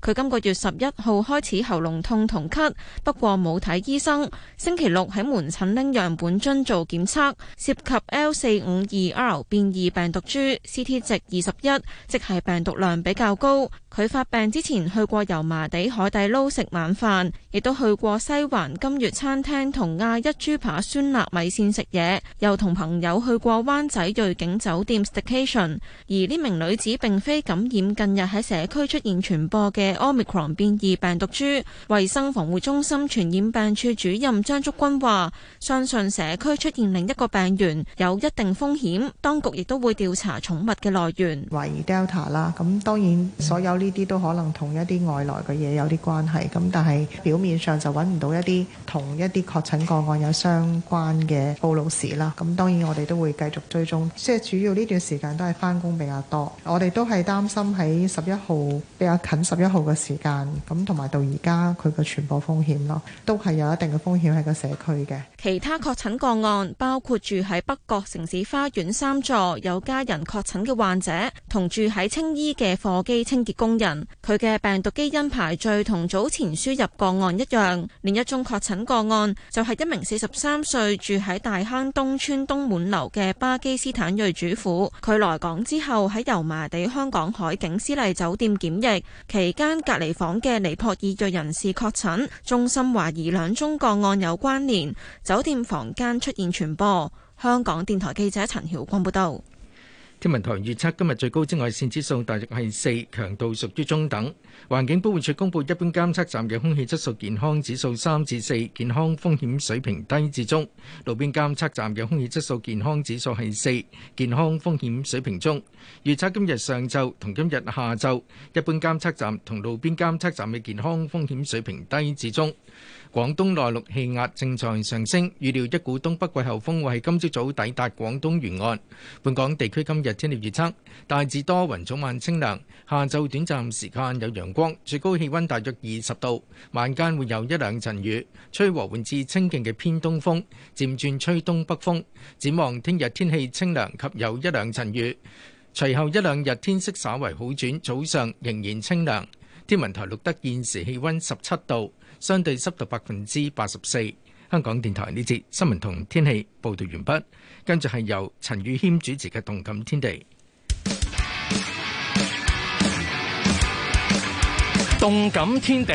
佢今個月十一號開始喉嚨痛同咳，不過冇睇醫生。星期六喺門診拎樣本樽做檢測，涉及 L 四五二 R 變異病毒株，CT 值二十一，即係病毒量比較高。佢發病之前去過油麻地海底撈食。晚飯亦都去過西環金悅餐廳同亞一豬扒酸辣米線食嘢，又同朋友去過灣仔瑞景酒店 staycation。而呢名女子並非感染近日喺社區出現傳播嘅 omicron 變異病毒株。衛生防護中心傳染病處主任張竹君話，相信社區出現另一個病源有一定風險，當局亦都會調查寵物嘅來源，懷疑 Delta 啦。咁當然，所有呢啲都可能同一啲外來嘅嘢有啲關係。咁但係表面上就揾唔到一啲同一啲確診個案有相關嘅暴露史啦。咁當然我哋都會繼續追蹤，即係主要呢段時間都係翻工比較多。我哋都係擔心喺十一號比較近十一號嘅時間，咁同埋到而家佢嘅傳播風險咯，都係有一定嘅風險，喺個社區嘅。其他確診個案包括住喺北角城市花園三座有家人確診嘅患者，同住喺青衣嘅貨機清潔工人，佢嘅病毒基因排序同早前。輸入個案一樣，另一宗確診個案就係、是、一名四十三歲住喺大坑東邨東滿樓嘅巴基斯坦裔主婦。佢來港之後喺油麻地香港海景絲麗酒店檢疫期間，隔離房嘅尼泊爾裔,裔人士確診，中心懷疑兩宗個案有關聯，酒店房間出現傳播。香港電台記者陳曉光報道。天文台預測今日最高紫外線指數大約係四，強度屬於中等。環境保護署公佈，一般監測站嘅空氣質素健康指數三至四，健康風險水平低至中；路邊監測站嘅空氣質素健康指數係四，健康風險水平中。預測今日上晝同今日下晝，一般監測站同路邊監測站嘅健康風險水平低至中。廣東內陸氣壓正在上升，預料一股東北季候風會喺今朝早抵達廣東沿岸。本港地區今日天氣預測大致多雲，早晚清涼，下晝短暫時間有陽光，最高氣温大約二十度，晚間會有一兩陣雨，吹和緩至清勁嘅偏東風，漸轉吹東北風。展望聽日天氣清涼及有一兩陣雨，隨後一兩日天色稍為好轉，早上仍然清涼。天文台錄得現時氣温十七度。相對濕度百分之八十四。香港電台呢節新聞同天氣報道完畢，跟住係由陳宇謙主持嘅《動感天地》。《動感天地》。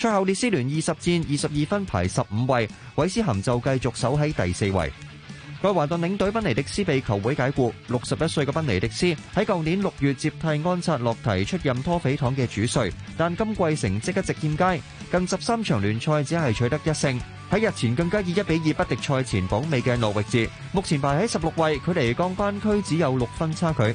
最後，列斯聯二十戰二十二分排十五位，韋斯咸就繼續守喺第四位。蓋華頓領隊賓尼迪斯被球會解雇，六十一歲嘅賓尼迪斯喺舊年六月接替安察洛提出任拖肥糖嘅主帥，但今季成績一直欠佳，近十三場聯賽只係取得一勝。喺日前更加以一比二不敵賽前榜尾嘅諾域治，目前排喺十六位，距離降班區只有六分差距。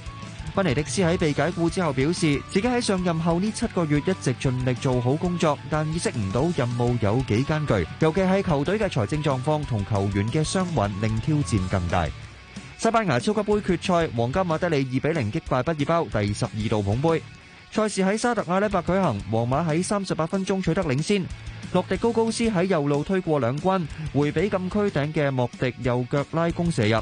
芬尼迪斯喺被解雇之後表示，自己喺上任後呢七個月一直盡力做好工作，但意識唔到任務有幾艱巨，尤其係球隊嘅財政狀況同球員嘅傷患令挑戰更大。西班牙超級杯決賽，皇家馬德里2比0擊敗畢爾包，第十二度捧杯。賽事喺沙特阿拉伯舉行，皇馬喺三十八分鐘取得領先，洛迪高高斯喺右路推過兩關，回比禁區頂嘅莫迪右腳拉弓射入。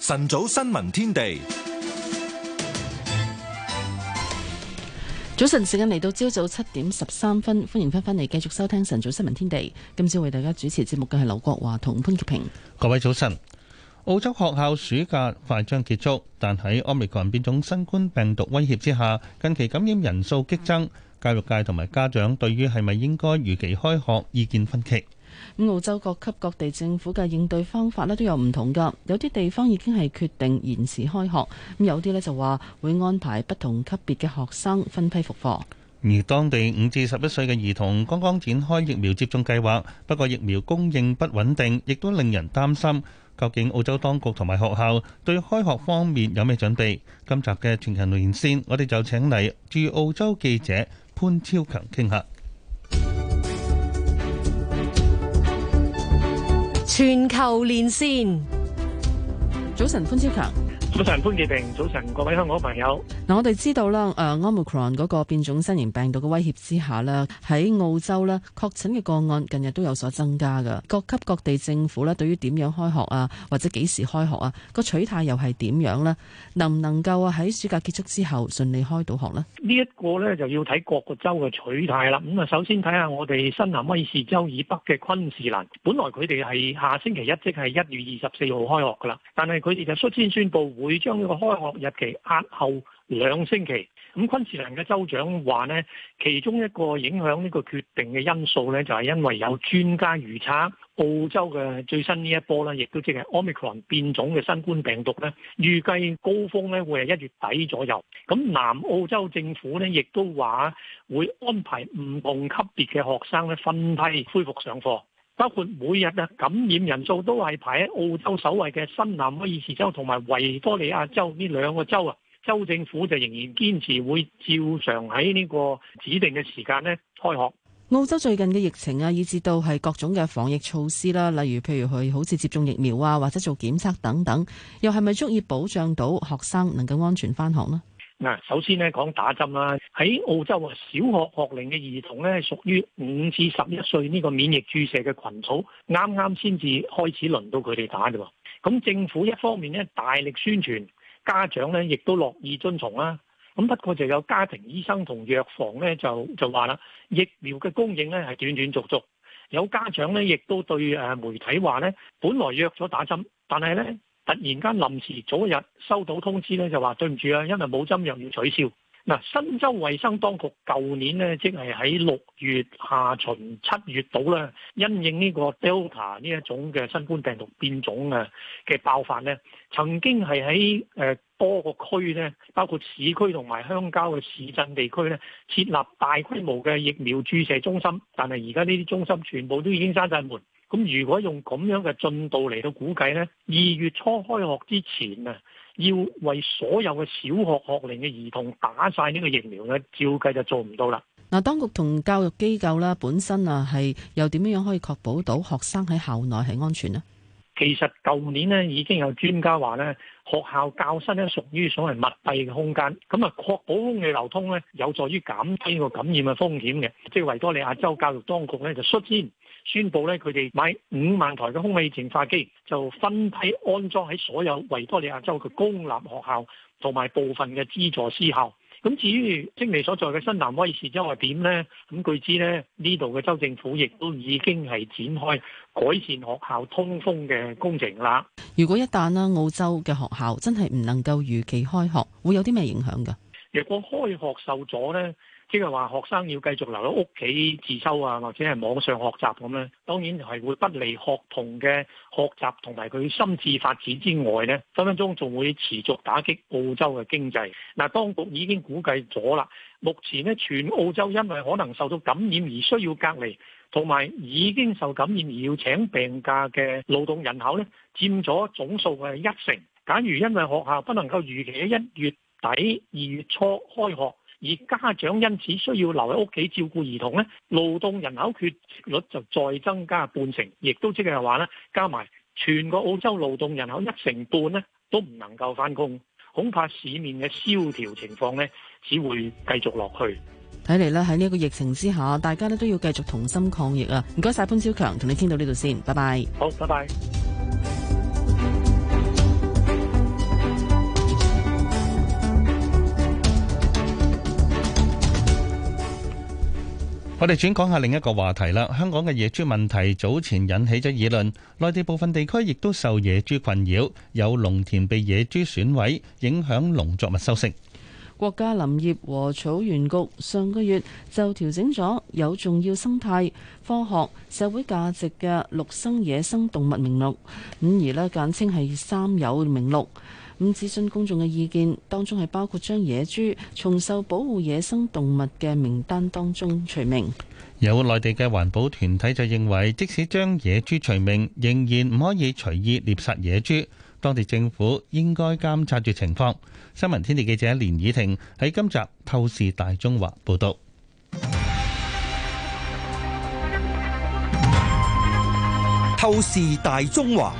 晨早新聞天地，早晨時間嚟到朝早七點十三分，歡迎翻返嚟繼續收聽晨早新聞天地。今朝為大家主持節目嘅係劉國華同潘潔平。各位早晨。澳洲學校暑假快將結束，但喺 Omicron 變種新冠病毒威脅之下，近期感染人數激增，教育界同埋家長對於係咪應該如期開學意見分歧。澳洲各級各地政府嘅應對方法咧，都有唔同噶，有啲地方已經係決定延遲開學，咁有啲咧，就話會安排不同級別嘅學生分批復課。而當地五至十一歲嘅兒童剛剛展開疫苗接種計劃，不過疫苗供應不穩定，亦都令人擔心。究竟澳洲當局同埋學校對開學方面有咩準備？今集嘅《全球連線》，我哋就請嚟駐澳洲記者潘超強傾下。全球連線，早晨，潘超強。早晨，潘潔平，早晨各位香港朋友。嗱、啊，我哋知道啦，誒、啊，奧密克戎嗰個變種新型病毒嘅威脅之下咧，喺澳洲咧確診嘅個案近日都有所增加噶。各級各地政府咧，對於點樣開學啊，或者幾時開學啊，個取態又係點樣咧？能唔能夠啊喺暑假結束之後順利開到學咧？呢一個咧就要睇各個州嘅取態啦。咁、嗯、啊，首先睇下我哋新南威爾士州以北嘅昆士蘭，本來佢哋係下星期一，即係一月二十四號開學噶啦，但係佢哋就率先宣布。會將呢個開學日期押後兩星期。咁昆士蘭嘅州長話呢，其中一個影響呢個決定嘅因素呢，就係因為有專家預測澳洲嘅最新呢一波呢，亦都即係 Omicron 變種嘅新冠病毒呢，預計高峰呢會係一月底左右。咁南澳洲政府呢，亦都話會安排唔同級別嘅學生咧分批恢復上課。包括每日啊感染人數都係排喺澳洲首位嘅新南威爾士州同埋維多利亞州呢兩個州啊，州政府就仍然堅持會照常喺呢個指定嘅時間咧開學。澳洲最近嘅疫情啊，以至到係各種嘅防疫措施啦，例如譬如佢好似接種疫苗啊，或者做檢測等等，又係咪足以保障到學生能夠安全翻學呢？嗱，首先咧講打針啦，喺澳洲小學學齡嘅兒童咧屬於五至十一歲呢個免疫注射嘅群組，啱啱先至開始輪到佢哋打嘅喎。咁政府一方面咧大力宣傳，家長咧亦都樂意遵從啦。咁不過就有家庭醫生同藥房咧就就話啦，疫苗嘅供應咧係斷斷續續，有家長咧亦都對誒媒體話咧，本來約咗打針，但係咧。突然間臨時，早一日收到通知咧，就話對唔住啊，因為冇針藥要取消。嗱、啊，新州衞生當局舊年咧，即係喺六月下旬、七月度啦，因應呢個 Delta 呢一種嘅新冠病毒變種啊嘅爆發咧，曾經係喺誒多個區咧，包括市區同埋鄉郊嘅市鎮地區咧，設立大規模嘅疫苗注射中心。但係而家呢啲中心全部都已經閂晒門。咁如果用咁樣嘅進度嚟到估計呢，二月初開學之前啊，要為所有嘅小學學齡嘅兒童打晒呢個疫苗呢，照計就做唔到啦。嗱，當局同教育機構啦，本身啊係又點樣可以確保到學生喺校內係安全呢？其實舊年呢，已經有專家話呢，學校教室呢，屬於所謂密閉嘅空間，咁啊確保空氣流通呢，有助於減低個感染嘅風險嘅。即係維多利亞州教育當局呢就率先。宣布咧，佢哋買五萬台嘅空氣淨化機，就分批安裝喺所有維多利亞州嘅公立學校同埋部分嘅資助私校。咁至於悉尼所在嘅新南威士州係點呢？咁據知咧，呢度嘅州政府亦都已經係展開改善學校通風嘅工程啦。如果一旦啦澳洲嘅學校真係唔能夠如期開學，會有啲咩影響噶？若果開學受阻呢？即係話學生要繼續留喺屋企自修啊，或者係網上學習噉樣，當然係會不利學童嘅學習同埋佢心智發展之外呢，分分鐘仲會持續打擊澳洲嘅經濟。嗱，當局已經估計咗啦，目前呢，全澳洲因為可能受到感染而需要隔離，同埋已經受感染而要請病假嘅勞動人口咧，佔咗總數嘅一成。假如因為學校不能夠預期喺一月底、二月初開學。而家長因此需要留喺屋企照顧兒童咧，勞動人口缺率就再增加半成，亦都即係話咧，加埋全個澳洲勞動人口一成半咧都唔能夠翻工，恐怕市面嘅蕭條情況咧，只會繼續落去。睇嚟咧喺呢個疫情之下，大家咧都要繼續同心抗疫啊！唔該晒，潘小強，同你傾到呢度先，拜拜。好，拜拜。我哋轉講下另一個話題啦。香港嘅野豬問題早前引起咗議論，內地部分地區亦都受野豬困擾，有農田被野豬損毀，影響農作物收成。國家林業和草原局上個月就調整咗有重要生態、科學、社會價值嘅陸生野生動物名錄，咁而呢簡稱係三有名錄。咁諮詢公眾嘅意見，當中係包括將野豬從受保護野生動物嘅名單當中除名。有內地嘅環保團體就認為，即使將野豬除名，仍然唔可以隨意獵殺野豬。當地政府應該監察住情況。新聞天地記者連倚婷喺今集《透視大中華》報道，《透視大中華》。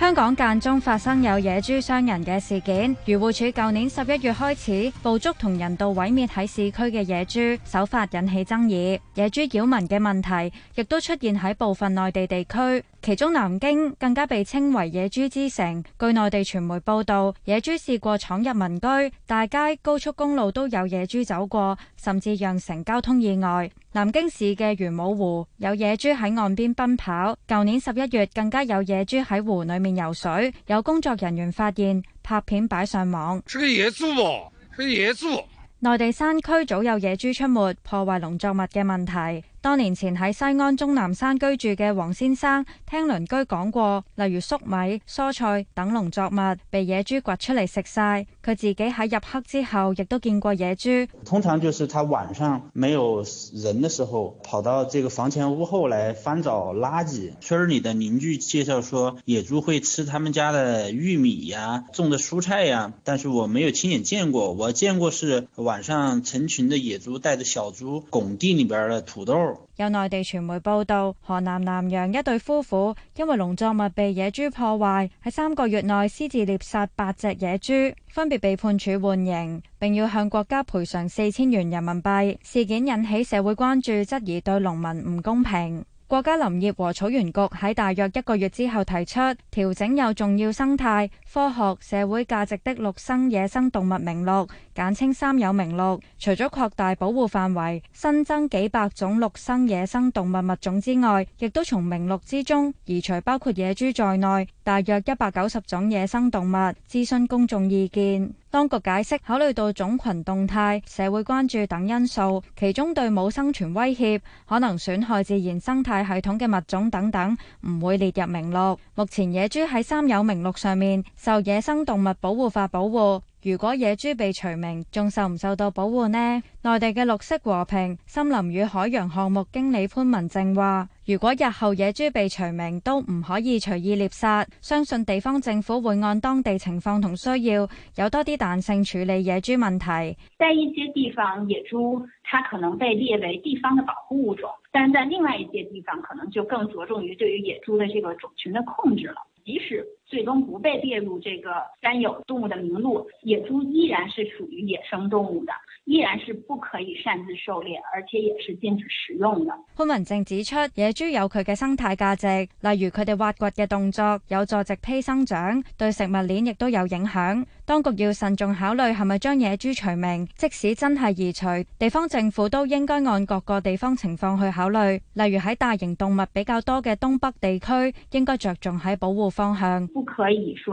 香港間中發生有野豬傷人嘅事件，漁護署舊年十一月開始捕捉同人道毀滅喺市區嘅野豬，手法引起爭議。野豬擾民嘅問題亦都出現喺部分內地地區。其中南京更加被稱為野豬之城。據內地傳媒報道，野豬試過闖入民居、大街、高速公路都有野豬走過，甚至釀成交通意外。南京市嘅玄武湖有野豬喺岸邊奔跑，舊年十一月更加有野豬喺湖裏面游水，有工作人員發現拍片擺上網是。是個野豬喎，係野豬。內地山區早有野豬出沒破壞農作物嘅問題。多年前喺西安終南山居住嘅黃先生，聽鄰居講過，例如粟米、蔬菜等農作物被野豬掘出嚟食晒。佢自己喺入黑之後，亦都見過野豬。通常就是他晚上沒有人的時候，跑到這個房前屋後來翻找垃圾。村兒裏的鄰居介紹說，野豬會吃他們家的玉米呀、啊、種的蔬菜呀、啊，但是我沒有親眼見過。我見過是晚上成群的野豬帶着小豬拱地裏邊的土豆。有內地傳媒報道，河南南陽一對夫婦因為農作物被野豬破壞，喺三個月內私自獵殺八隻野豬，分別被判處緩刑，並要向國家賠償四千元人民幣。事件引起社會關注，質疑對農民唔公平。國家林業和草原局喺大約一個月之後提出調整有重要生態、科學、社會價值的陸生野生動物名錄，簡稱三有名錄。除咗擴大保護範圍、新增幾百種陸生野生動物物種之外，亦都從名錄之中移除包括野豬在內，大約一百九十種野生動物諮詢公眾意見，當局解釋，考慮到種群動態、社會關注等因素，其中對冇生存威脅、可能損害自然生態系統嘅物種等等唔會列入名錄。目前野豬喺三有名錄上面受《野生動物保護法》保護。如果野豬被除名，仲受唔受到保護呢？內地嘅綠色和平森林與海洋項目經理潘文正話，如果日後野豬被除名，都唔可以隨意獵殺，相信地方政府會按當地情況同需要，有多啲彈性處理野豬問題。在一些地方，野豬它可能被列為地方嘅保護物種，但在另外一些地方，可能就更着重於對於野豬的這個種群的控制了，即使，最終不被列入這個三有動物的名錄，野豬依然是屬於野生動物的。依然是不可以擅自狩獵，而且也是禁止食用的。潘文正指出，野豬有佢嘅生態價值，例如佢哋挖掘嘅動作有助植被生長，對食物鏈亦都有影響。當局要慎重考慮係咪將野豬除名，即使真係移除，地方政府都應該按各個地方情況去考慮。例如喺大型動物比較多嘅東北地區，應該着重喺保護方向，不可以說。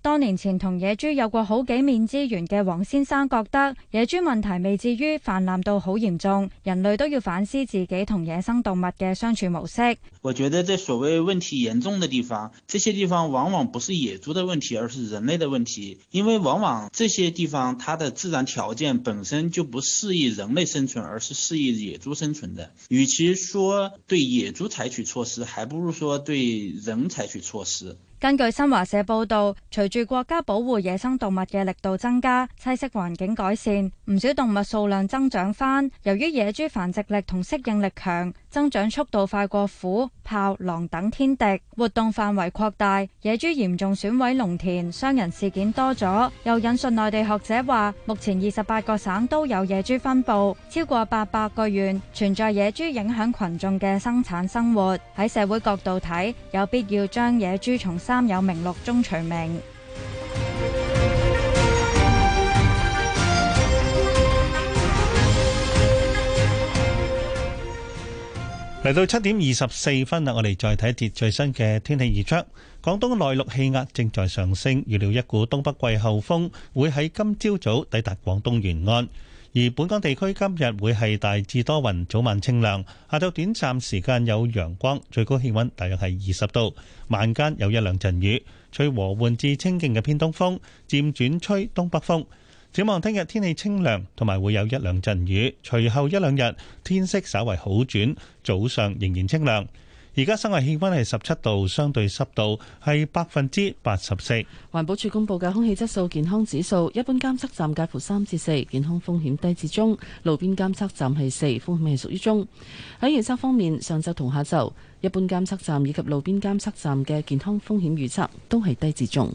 多年前同野豬有過好幾面之緣嘅黃先生覺得野豬問題未至於氾濫到好嚴重，人類都要反思自己同野生動物嘅相處模式。我覺得，這所謂問題嚴重的地方，這些地方往往不是野豬的問題，而是人類的問題。因為往往這些地方，它的自然條件本身就不適宜人類生存，而是適宜野豬生存的。與其說對野豬採取措施，還不如說對人採取措施。根據新華社報道，隨住國家保護野生動物嘅力度增加，棲息環境改善，唔少動物數量增長返。由於野豬繁殖力同適應力強。增長速度快過虎、豹、狼等天敵，活動範圍擴大，野豬嚴重損毀農田，傷人事件多咗。又引述內地學者話，目前二十八個省都有野豬分佈，超過八百個縣存在野豬影響群眾嘅生產生活。喺社會角度睇，有必要將野豬從三有名錄中除名。嚟到七點二十四分啦，我哋再睇一節最新嘅天氣預測。廣東內陸氣壓正在上升，預料一股東北季候風會喺今朝早抵達廣東沿岸。而本港地區今日會係大致多雲，早晚清涼，下晝短暫時間有陽光，最高氣溫大約係二十度，晚間有一兩陣雨，吹和緩至清勁嘅偏東風，漸轉吹東北風。展望聽日天氣清涼，同埋會有一兩陣雨。隨後一兩日天色稍為好轉，早上仍然清涼。而家室外氣溫係十七度，相對濕度係百分之八十四。環保署公布嘅空氣質素健康指數，一般監測站介乎三至四，健康風險低至中；路邊監測站係四，風險係屬於中。喺預測方面，上晝同下晝，一般監測站以及路邊監測站嘅健康風險預測都係低至中。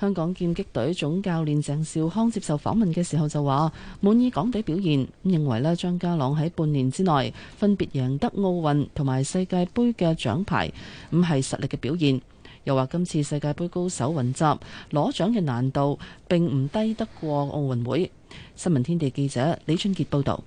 香港劍擊隊總教練鄭少康接受訪問嘅時候就話：滿意港隊表現，認為咧張家朗喺半年之內分別贏得奧運同埋世界盃嘅獎牌，咁係實力嘅表現。又話今次世界盃高手混集，攞獎嘅難度並唔低得過奧運會。新聞天地記者李俊傑報道。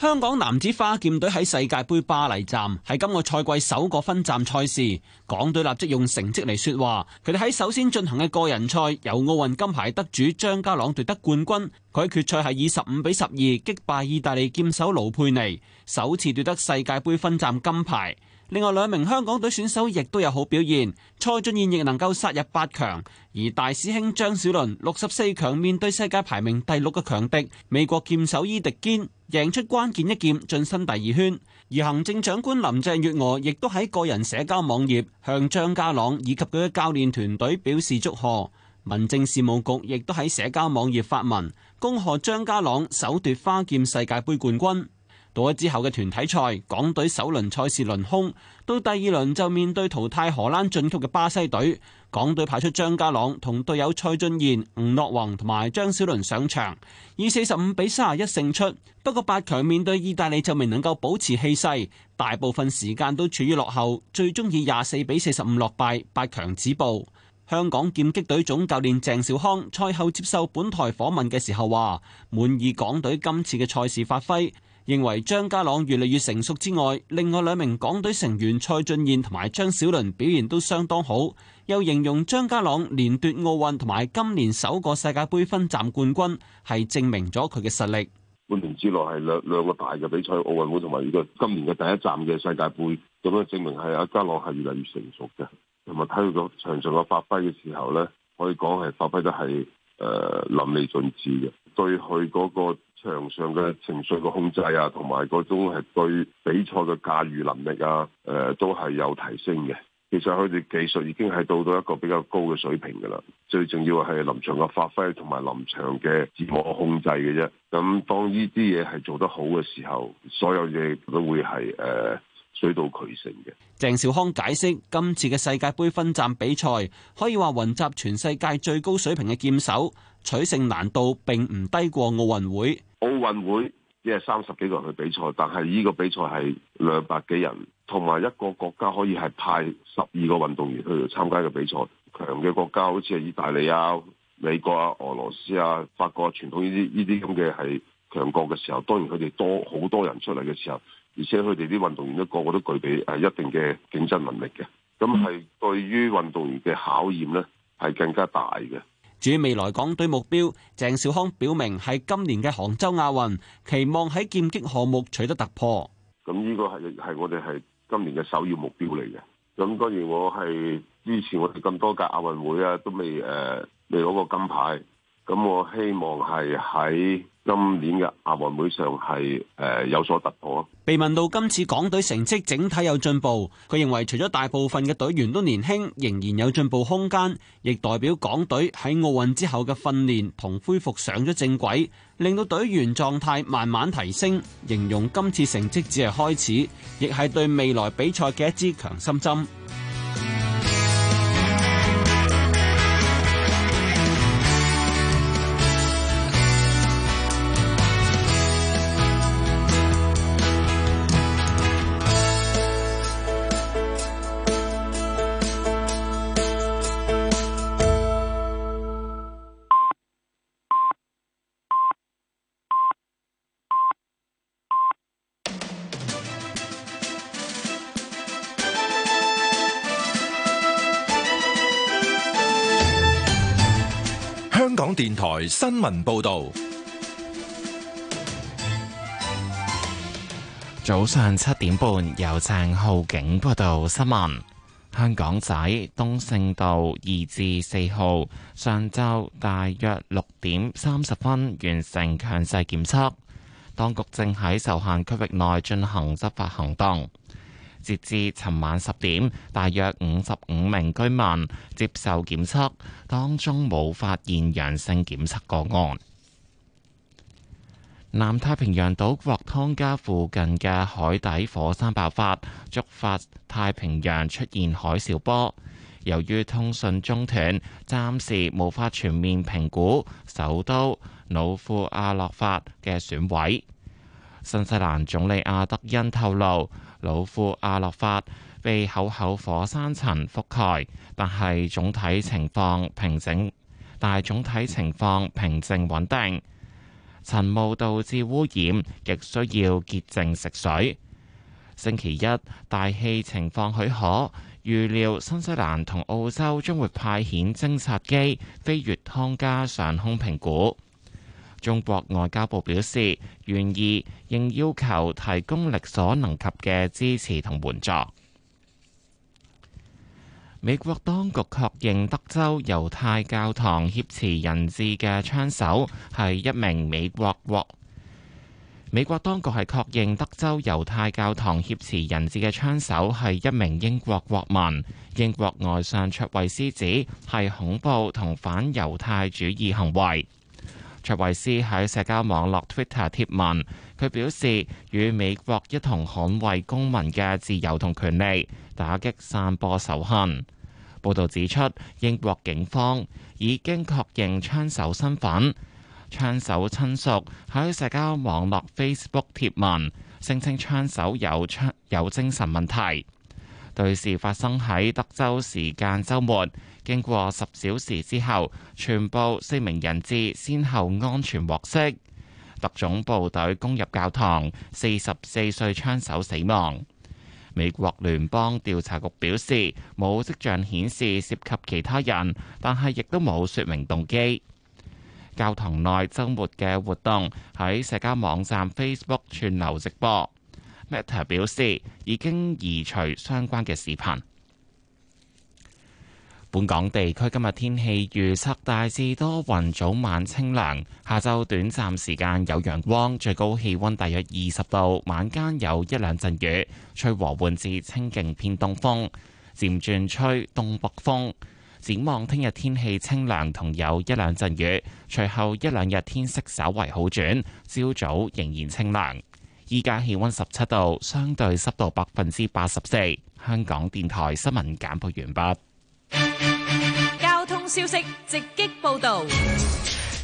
香港男子花劍隊喺世界盃巴黎站，係今個賽季首個分站賽事，港隊立即用成績嚟說話。佢哋喺首先進行嘅個人賽，由奧運金牌得主張家朗奪得冠軍。佢喺決賽係以十五比十二擊敗意大利劍手盧佩尼，首次奪得世界盃分站金牌。另外兩名香港隊選手亦都有好表現，蔡俊彥亦能夠殺入八強，而大師兄張小倫六十四強面對世界排名第六嘅強敵美國劍手伊迪堅，贏出關鍵一劍晉身第二圈。而行政長官林鄭月娥亦都喺個人社交網頁向張家朗以及佢嘅教練團隊表示祝賀。民政事務局亦都喺社交網頁發文恭賀張家朗首奪花劍世界盃冠軍。到咗之後嘅團體賽，港隊首輪賽事輪空，到第二輪就面對淘汰荷蘭晉級嘅巴西隊。港隊派出張家朗同隊友蔡俊彥、吳諾宏同埋張小倫上場，以四十五比三十一勝出。不過八強面對意大利就未能夠保持氣勢，大部分時間都處於落後，最終以廿四比四十五落敗八強止步。香港劍擊隊總教練鄭兆康賽後接受本台訪問嘅時候話：滿意港隊今次嘅賽事發揮。認為張家朗越嚟越成熟之外，另外兩名港隊成員蔡俊彥同埋張小倫表現都相當好，又形容張家朗連奪奧運同埋今年首個世界杯分站冠軍，係證明咗佢嘅實力。半年之內係兩兩個大嘅比賽，奧運會同埋呢個今年嘅第一站嘅世界杯，咁樣證明係阿家朗係越嚟越成熟嘅，同埋睇佢個場上嘅發揮嘅時候咧，可以講係發揮得係誒淋漓盡致嘅，對佢嗰個。場上嘅情緒嘅控制啊，同埋嗰種係對比賽嘅駕馭能力啊，誒、呃、都係有提升嘅。其實佢哋技術已經係到到一個比較高嘅水平噶啦。最重要係臨場嘅發揮同埋臨場嘅自我控制嘅啫。咁當呢啲嘢係做得好嘅時候，所有嘢都會係誒、呃、水到渠成嘅。鄭少康解釋，今次嘅世界杯分站比賽可以話雲集全世界最高水平嘅劍手，取勝難度並唔低過奧運會。奧運會只係三十幾個人去比賽，但係呢個比賽係兩百幾人，同埋一個國家可以係派十二個運動員去參加嘅比賽。強嘅國家好似係意大利啊、美國啊、俄羅斯啊、法國啊，傳統呢啲呢啲咁嘅係強國嘅時候，當然佢哋多好多人出嚟嘅時候，而且佢哋啲運動員都個個都具備誒一定嘅競爭能力嘅。咁係對於運動員嘅考驗咧，係更加大嘅。至於未來港隊目標，鄭少康表明係今年嘅杭州亞運，期望喺劍擊項目取得突破。咁呢個係係我哋係今年嘅首要目標嚟嘅。咁當然我係以前我哋咁多屆亞運會啊，都未誒未攞過金牌。咁我希望係喺，今年嘅亞運會上係誒有所突破啊！被問到今次港隊成績整體有進步，佢認為除咗大部分嘅隊員都年輕，仍然有進步空間，亦代表港隊喺奧運之後嘅訓練同恢復上咗正軌，令到隊員狀態慢慢提升。形容今次成績只係開始，亦係對未來比賽嘅一支強心針。新聞報道。早上七點半，由鄭浩景報道新聞。香港仔東勝道二至四號，上晝大約六點三十分完成強制檢測，當局正喺受限區域內進行執法行動。截至尋晚十點，大約五十五名居民接受檢測，當中冇發現陽性檢測個案。南太平洋島國湯加附近嘅海底火山爆發，觸發太平洋出現海嘯波。由於通訊中斷，暫時無法全面評估首都努庫阿洛法嘅損毀。新西蘭總理阿德恩透露。努庫阿洛法被厚厚火山塵覆蓋，但係總體情況平靜，但係總體情況平靜穩定。塵霧導致污染，亦需要潔淨食水。星期一大氣情況許可，預料新西蘭同澳洲將會派遣偵察機飛越湯加上空評估。中國外交部表示願意應要求提供力所能及嘅支持同援助。美國當局確認德州猶太教堂挾持人質嘅槍手係一名美國國。美國當局係確認德州猶太教堂挾持人質嘅槍手係一名英國國民。英國外相卓慧思指係恐怖同反猶太主義行為。卓維斯喺社交網絡 Twitter 貼文，佢表示與美國一同捍衞公民嘅自由同權利，打擊散播仇恨。報道指出，英國警方已經確認槍手身份，槍手親屬喺社交網絡 Facebook 貼文，聲稱槍手有槍有精神問題。對事發生喺德州時間週末。經過十小時之後，全部四名人質先後安全獲釋。特種部隊攻入教堂，四十四歲槍手死亡。美國聯邦調查局表示，冇跡象顯示涉及其他人，但係亦都冇說明動機。教堂內周末嘅活動喺社交網站 Facebook 串流直播。Meta 表示已經移除相關嘅視頻。本港地區今日天氣預測，大致多雲，早晚清涼，下晝短暫時間有陽光，最高氣溫大約二十度，晚間有一兩陣雨，吹和緩至清勁偏東風，漸轉吹東北風。展望聽日天氣清涼，同有一兩陣雨，隨後一兩日天色稍為好轉，朝早仍然清涼。依家氣溫十七度，相對濕度百分之八十四。香港電台新聞簡報完畢。交通消息直擊報道。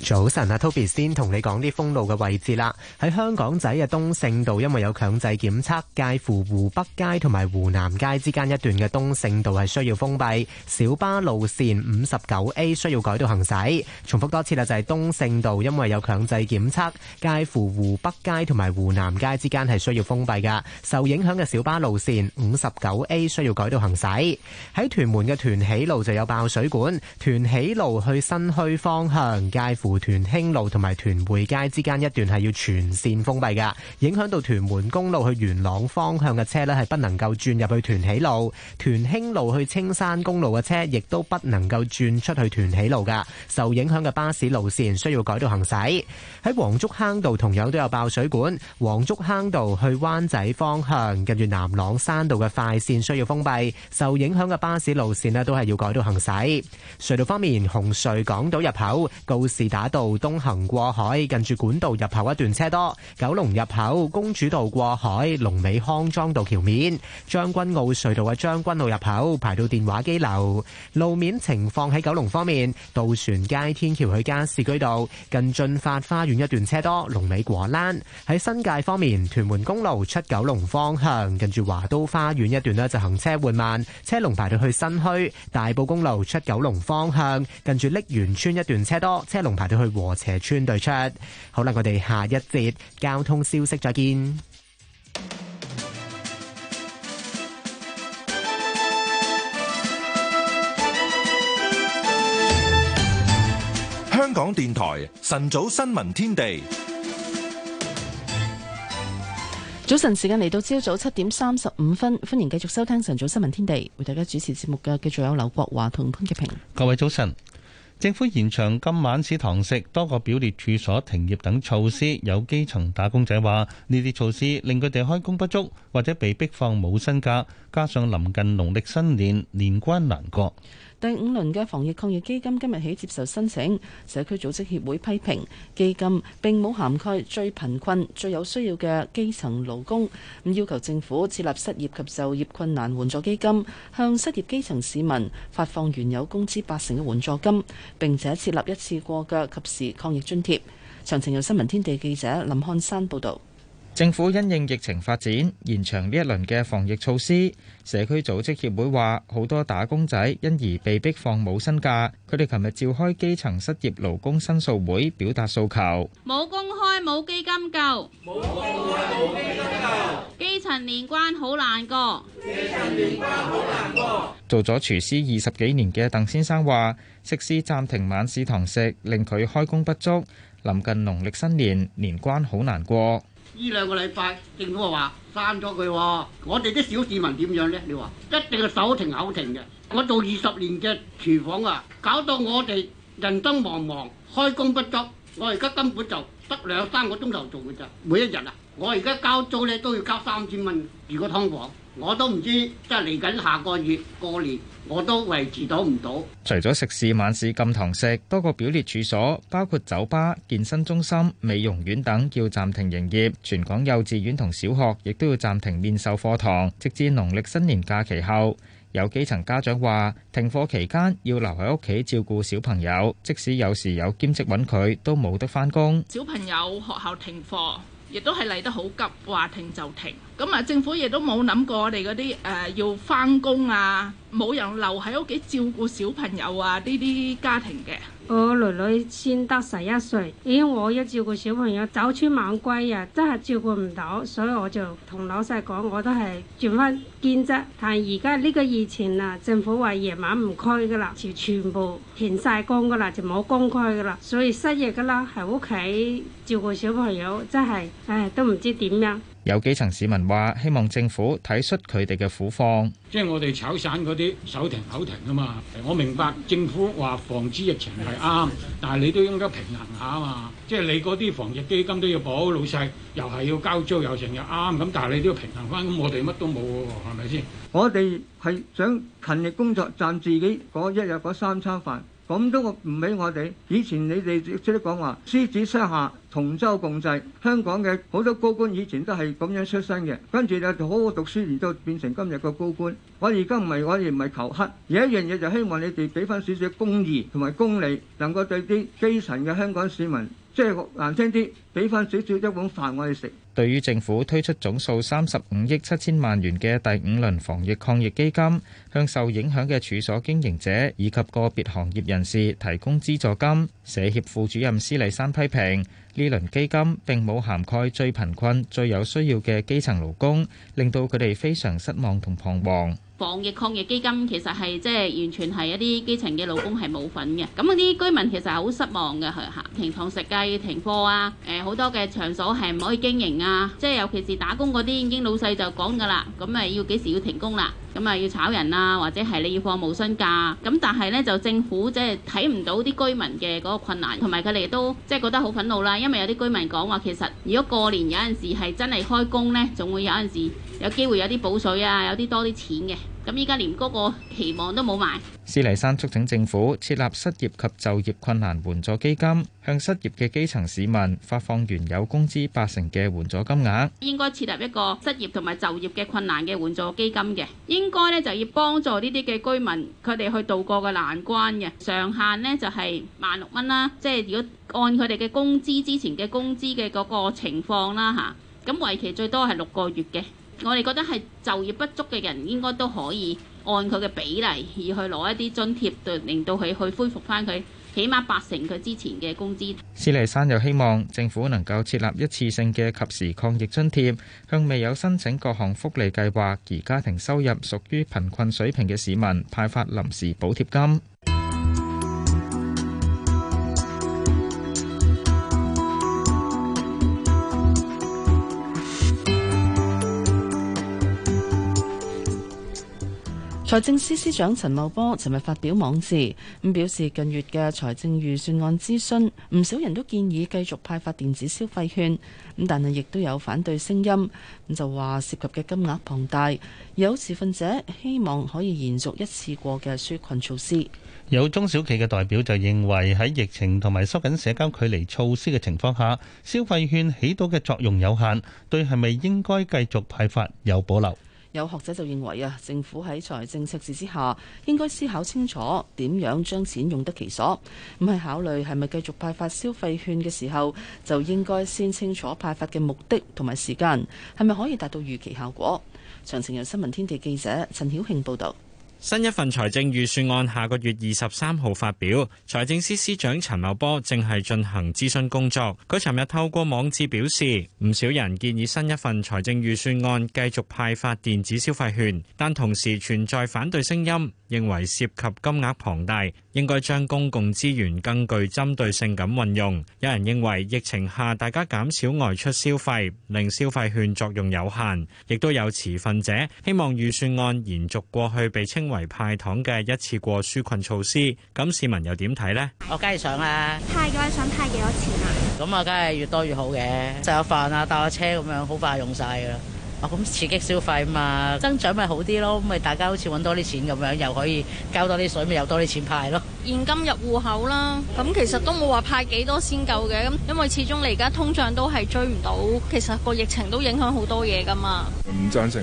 早晨啊，Toby 先同你講啲封路嘅位置啦。喺香港仔嘅東勝道，因為有強制檢測，介乎湖北街同埋湖南街之間一段嘅東勝道係需要封閉。小巴路線五十九 A 需要改道行駛。重複多次啦，就係、是、東勝道，因為有強制檢測，介乎湖北街同埋湖南街之間係需要封閉噶。受影響嘅小巴路線五十九 A 需要改道行駛。喺屯門嘅屯喜路就有爆水管，屯喜路去新墟方向介乎。屯興路同埋屯匯街之間一段係要全綫封閉噶，影響到屯門公路去元朗方向嘅車呢，係不能夠轉入去屯喜路，屯興路去青山公路嘅車亦都不能夠轉出去屯喜路噶。受影響嘅巴士路綫需要改道行駛。喺黃竹坑道同樣都有爆水管，黃竹坑道去灣仔方向近住南朗山道嘅快綫需要封閉，受影響嘅巴士路綫呢，都係要改道行駛。隧道方面，紅隧港島入口告示。打道東行過海，近住管道入口一段車多；九龍入口公主道過海，龍尾康莊道橋面，將軍澳隧道嘅將軍澳入口排到電話機樓。路面情況，喺九龍方面，渡船街天橋去加士居道近駿發花園一段車多，龍尾果欄。喺新界方面，屯門公路出九龍方向近住華都花園一段呢就行車緩慢，車龍排到去新墟。大埔公路出九龍方向近住瀝源村一段車多，車龍排。我哋去禾輋村對出，好啦，我哋下一節交通消息再見。香港電台晨早新聞天地，早晨時間嚟到朝早七點三十五分，歡迎繼續收聽晨早新聞天地，為大家主持節目嘅繼續有劉國華同潘潔平。各位早晨。政府延長今晚市堂食、多個表列處所停業等措施，有基層打工仔話：呢啲措施令佢哋開工不足，或者被逼放冇薪假，加上臨近農曆新年，年關難過。第五輪嘅防疫抗疫基金今日起接受申請。社區組織協會批評基金並冇涵蓋最貧困、最有需要嘅基層勞工，咁要求政府設立失業及就業困難援助基金，向失業基層市民發放原有工資八成嘅援助金，並且設立一次過嘅及時抗疫津貼。詳情由新聞天地記者林漢山報導。政府因應疫情發展，延長呢一輪嘅防疫措施。社區組織協會話，好多打工仔因而被逼放冇薪假。佢哋琴日召開基層失業勞工申訴會，表達訴求。冇工開，冇基金救，冇工開，冇基金救。基層年關好難過，基層年關好難過。做咗廚師二十幾年嘅鄧先生話，食肆暫停晚市堂食，令佢開工不足。臨近農曆新年，年關好難過。呢兩個禮拜，政府又話刪咗佢喎，我哋啲小市民點樣呢？你話一定係手停口停嘅。我做二十年嘅廚房啊，搞到我哋人生茫茫，開工不足，我而家根本就得兩三個鐘頭做嘅咋。每一日啊，我而家交租咧都要交三千蚊，如果湯房。我都唔知，即係嚟緊下個月過年，我都維持到唔到。除咗食肆、晚市禁堂食，多個表列處所，包括酒吧、健身中心、美容院等，要暫停營業。全港幼稚園同小學亦都要暫停面授課堂，直至農歷新年假期後。有基層家長話，停課期間要留喺屋企照顧小朋友，即使有時有兼職揾佢，都冇得返工。小朋友學校停課，亦都係嚟得好急，話停就停。咁、呃、啊！政府亦都冇諗過我哋嗰啲誒要翻工啊，冇人留喺屋企照顧小朋友啊！呢啲家庭嘅我女女先得十一歲，咦！我一照顧小朋友早出晚歸啊，真係照顧唔到，所以我就同老細講，我都係轉翻兼職。但係而家呢個疫情啊，政府話夜晚唔開噶啦，就全部停晒工噶啦，就冇工開噶啦，所以失業噶啦，喺屋企照顧小朋友真係唉，都唔知點樣。有幾層市民話：希望政府睇出佢哋嘅苦況。即係我哋炒散嗰啲手停口停啊嘛！我明白政府話防止疫情係啱，但係你都應該平衡下啊嘛！即係你嗰啲防疫基金都要保老細，又係要交租，又成日啱咁，但係你都要平衡翻。咁我哋乜都冇喎，係咪先？我哋係想勤力工作，賺自己嗰一日嗰三餐飯。咁都唔俾我哋。以前你哋即係講話獅子山下同舟共濟，香港嘅好多高官以前都係咁樣出身嘅，跟住咧就好好讀書，然之後變成今日個高官。我而家唔係，我哋唔係求乞，而一樣嘢就希望你哋俾翻少少公義同埋公理，能夠對啲基層嘅香港市民。即係難聽啲，俾翻少少一碗飯我哋食。對於政府推出總數三十五億七千萬元嘅第五輪防疫抗疫基金，向受影響嘅處所經營者以及個別行業人士提供資助金，社協副主任施麗珊批評呢輪基金並冇涵蓋最貧困、最有需要嘅基層勞工，令到佢哋非常失望同彷徨。防疫抗疫基金其實係即係完全係一啲基層嘅勞工係冇份嘅。咁嗰啲居民其實係好失望嘅嚇，停堂食雞、停課啊，誒、呃、好多嘅場所係唔可以經營啊。即係尤其是打工嗰啲，已經老細就講㗎啦，咁咪要幾時要停工啦？咁啊要炒人啊，或者係你要放無薪假。咁但係呢，就政府即係睇唔到啲居民嘅嗰個困難，同埋佢哋都即係、就是、覺得好憤怒啦。因為有啲居民講話，其實如果過年有陣時係真係開工呢，仲會有陣時。有機會有啲補水啊，有啲多啲錢嘅。咁依家連嗰個期望都冇埋。施麗珊促請政府設立失業及就業困難援助基金，向失業嘅基層市民發放原有工資八成嘅援助金額。應該設立一個失業同埋就業嘅困難嘅援助基金嘅，應該呢，就要幫助呢啲嘅居民佢哋去渡過嘅難關，嘅上限呢就係萬六蚊啦。即係如果按佢哋嘅工資之前嘅工資嘅嗰個情況啦吓，咁為期最多係六個月嘅。我哋覺得係就業不足嘅人應該都可以按佢嘅比例而去攞一啲津貼，對令到佢去恢復返佢，起碼八成佢之前嘅工資。施麗珊又希望政府能夠設立一次性嘅及時抗疫津貼，向未有申請各項福利計劃而家庭收入屬於貧困水平嘅市民派發臨時補貼金。財政司司長陳茂波尋日發表網誌，咁表示近月嘅財政預算案諮詢，唔少人都建議繼續派發電子消費券，咁但係亦都有反對聲音，咁就話涉及嘅金額龐大，有持份者希望可以延續一次過嘅紓困措施。有中小企嘅代表就認為喺疫情同埋縮緊社交距離措施嘅情況下，消費券起到嘅作用有限，對係咪應該繼續派發有保留。有學者就認為啊，政府喺財政赤字之下，應該思考清楚點樣將錢用得其所，唔係考慮係咪繼續派發消費券嘅時候，就應該先清楚派發嘅目的同埋時間，係咪可以達到預期效果？詳情由新聞天地記者陳曉慶報道。。新一份財政預算案下個月二十三號發表，財政司司長陳茂波正係進行諮詢工作。佢尋日透過網誌表示，唔少人建議新一份財政預算案繼續派發電子消費券，但同時存在反對聲音，認為涉及金額龐大，應該將公共資源更具針對性咁運用。有人認為疫情下大家減少外出消費，令消費券作用有限，亦都有持份者希望預算案延續過去被稱為。派糖嘅一次過紓困措施，咁市民又點睇呢？我梗係想啦，啊，派嘅話想派幾多錢啊？咁啊，梗係越多越好嘅，食下飯啊，搭下車咁樣，好快用晒噶啦。啊，咁刺激消費嘛，增長咪好啲咯，咪大家好似揾多啲錢咁、啊、樣，又可以交多啲水咪有多啲錢派咯。現金入戶口啦，咁其實都冇話派幾多先夠嘅，咁因為始終你而家通脹都係追唔到，其實個疫情都影響好多嘢噶嘛。唔贊成。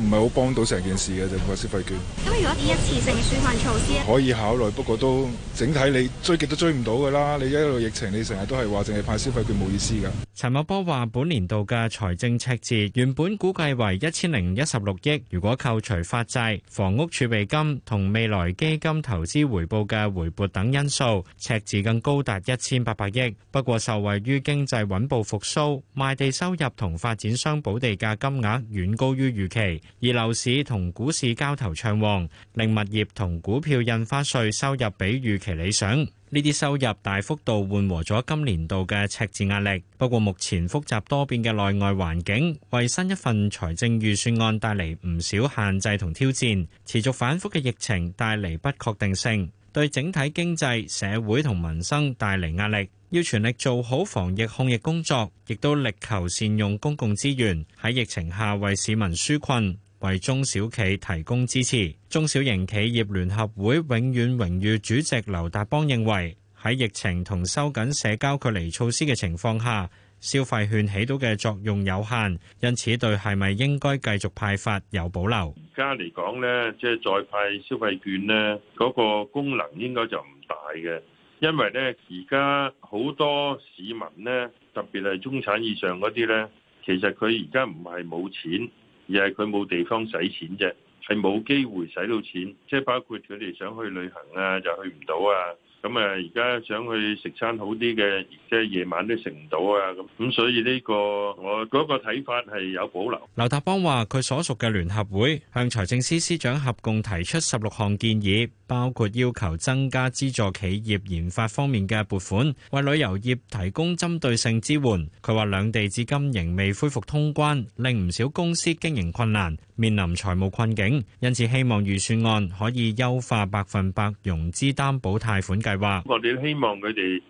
唔係好幫到成件事嘅，就發消費券。咁如果啲一次性舒緩措施，可以考慮，不過都整體你追極都追唔到㗎啦。你一路疫情，你成日都係話淨係派消費券，冇意思㗎。陳茂波話：本年度嘅財政赤字原本估計為一千零一十六億，如果扣除發債、房屋儲備金同未來基金投資回報嘅回撥等因素，赤字更高達一千八百億。不過受惠於經濟穩步復甦、賣地收入同發展商補地價金額遠高於預期。而樓市同股市交投暢旺，令物業同股票印花稅收入比預期理想。呢啲收入大幅度緩和咗今年度嘅赤字壓力。不過，目前複雜多變嘅內外環境，為新一份財政預算案帶嚟唔少限制同挑戰，持續反覆嘅疫情帶嚟不確定性。對整體經濟、社會同民生帶嚟壓力，要全力做好防疫控疫工作，亦都力求善用公共資源喺疫情下為市民紓困，為中小企提供支持。中小型企業聯合會永遠榮譽主席劉達邦認為，喺疫情同收緊社交距離措施嘅情況下，消費券起到嘅作用有限，因此對係咪應該繼續派發有保留。而家嚟講呢，即係再派消費券呢，嗰個功能應該就唔大嘅，因為呢，而家好多市民呢，特別係中產以上嗰啲呢，其實佢而家唔係冇錢，而係佢冇地方使錢啫，係冇機會使到錢，即係包括佢哋想去旅行啊，就去唔到啊。咁啊，而家想去食餐好啲嘅，即係夜晚都食唔到啊！咁咁，所以呢個我嗰個睇法係有保留。劉達邦話，佢所屬嘅聯合會向財政司司長合共提出十六項建議，包括要求增加資助企業研發方面嘅撥款，為旅遊業提供針對性支援。佢話兩地至今仍未恢復通關，令唔少公司經營困難。面臨財務困境，因此聽說希望預算案可以優化百分百融資擔保貸款計劃。我哋希望佢哋誒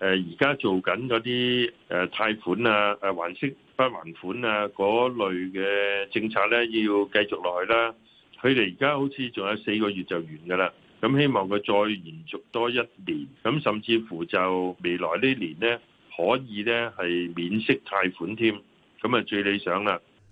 而家做緊嗰啲誒貸款啊誒 kind of 還息不還款啊嗰類嘅政策咧，要繼續落去啦。佢哋而家好似仲有四個月就完噶啦，咁希望佢再延續多一年，咁甚至乎就未來呢年咧可以咧係免息貸款添，咁啊最理想啦。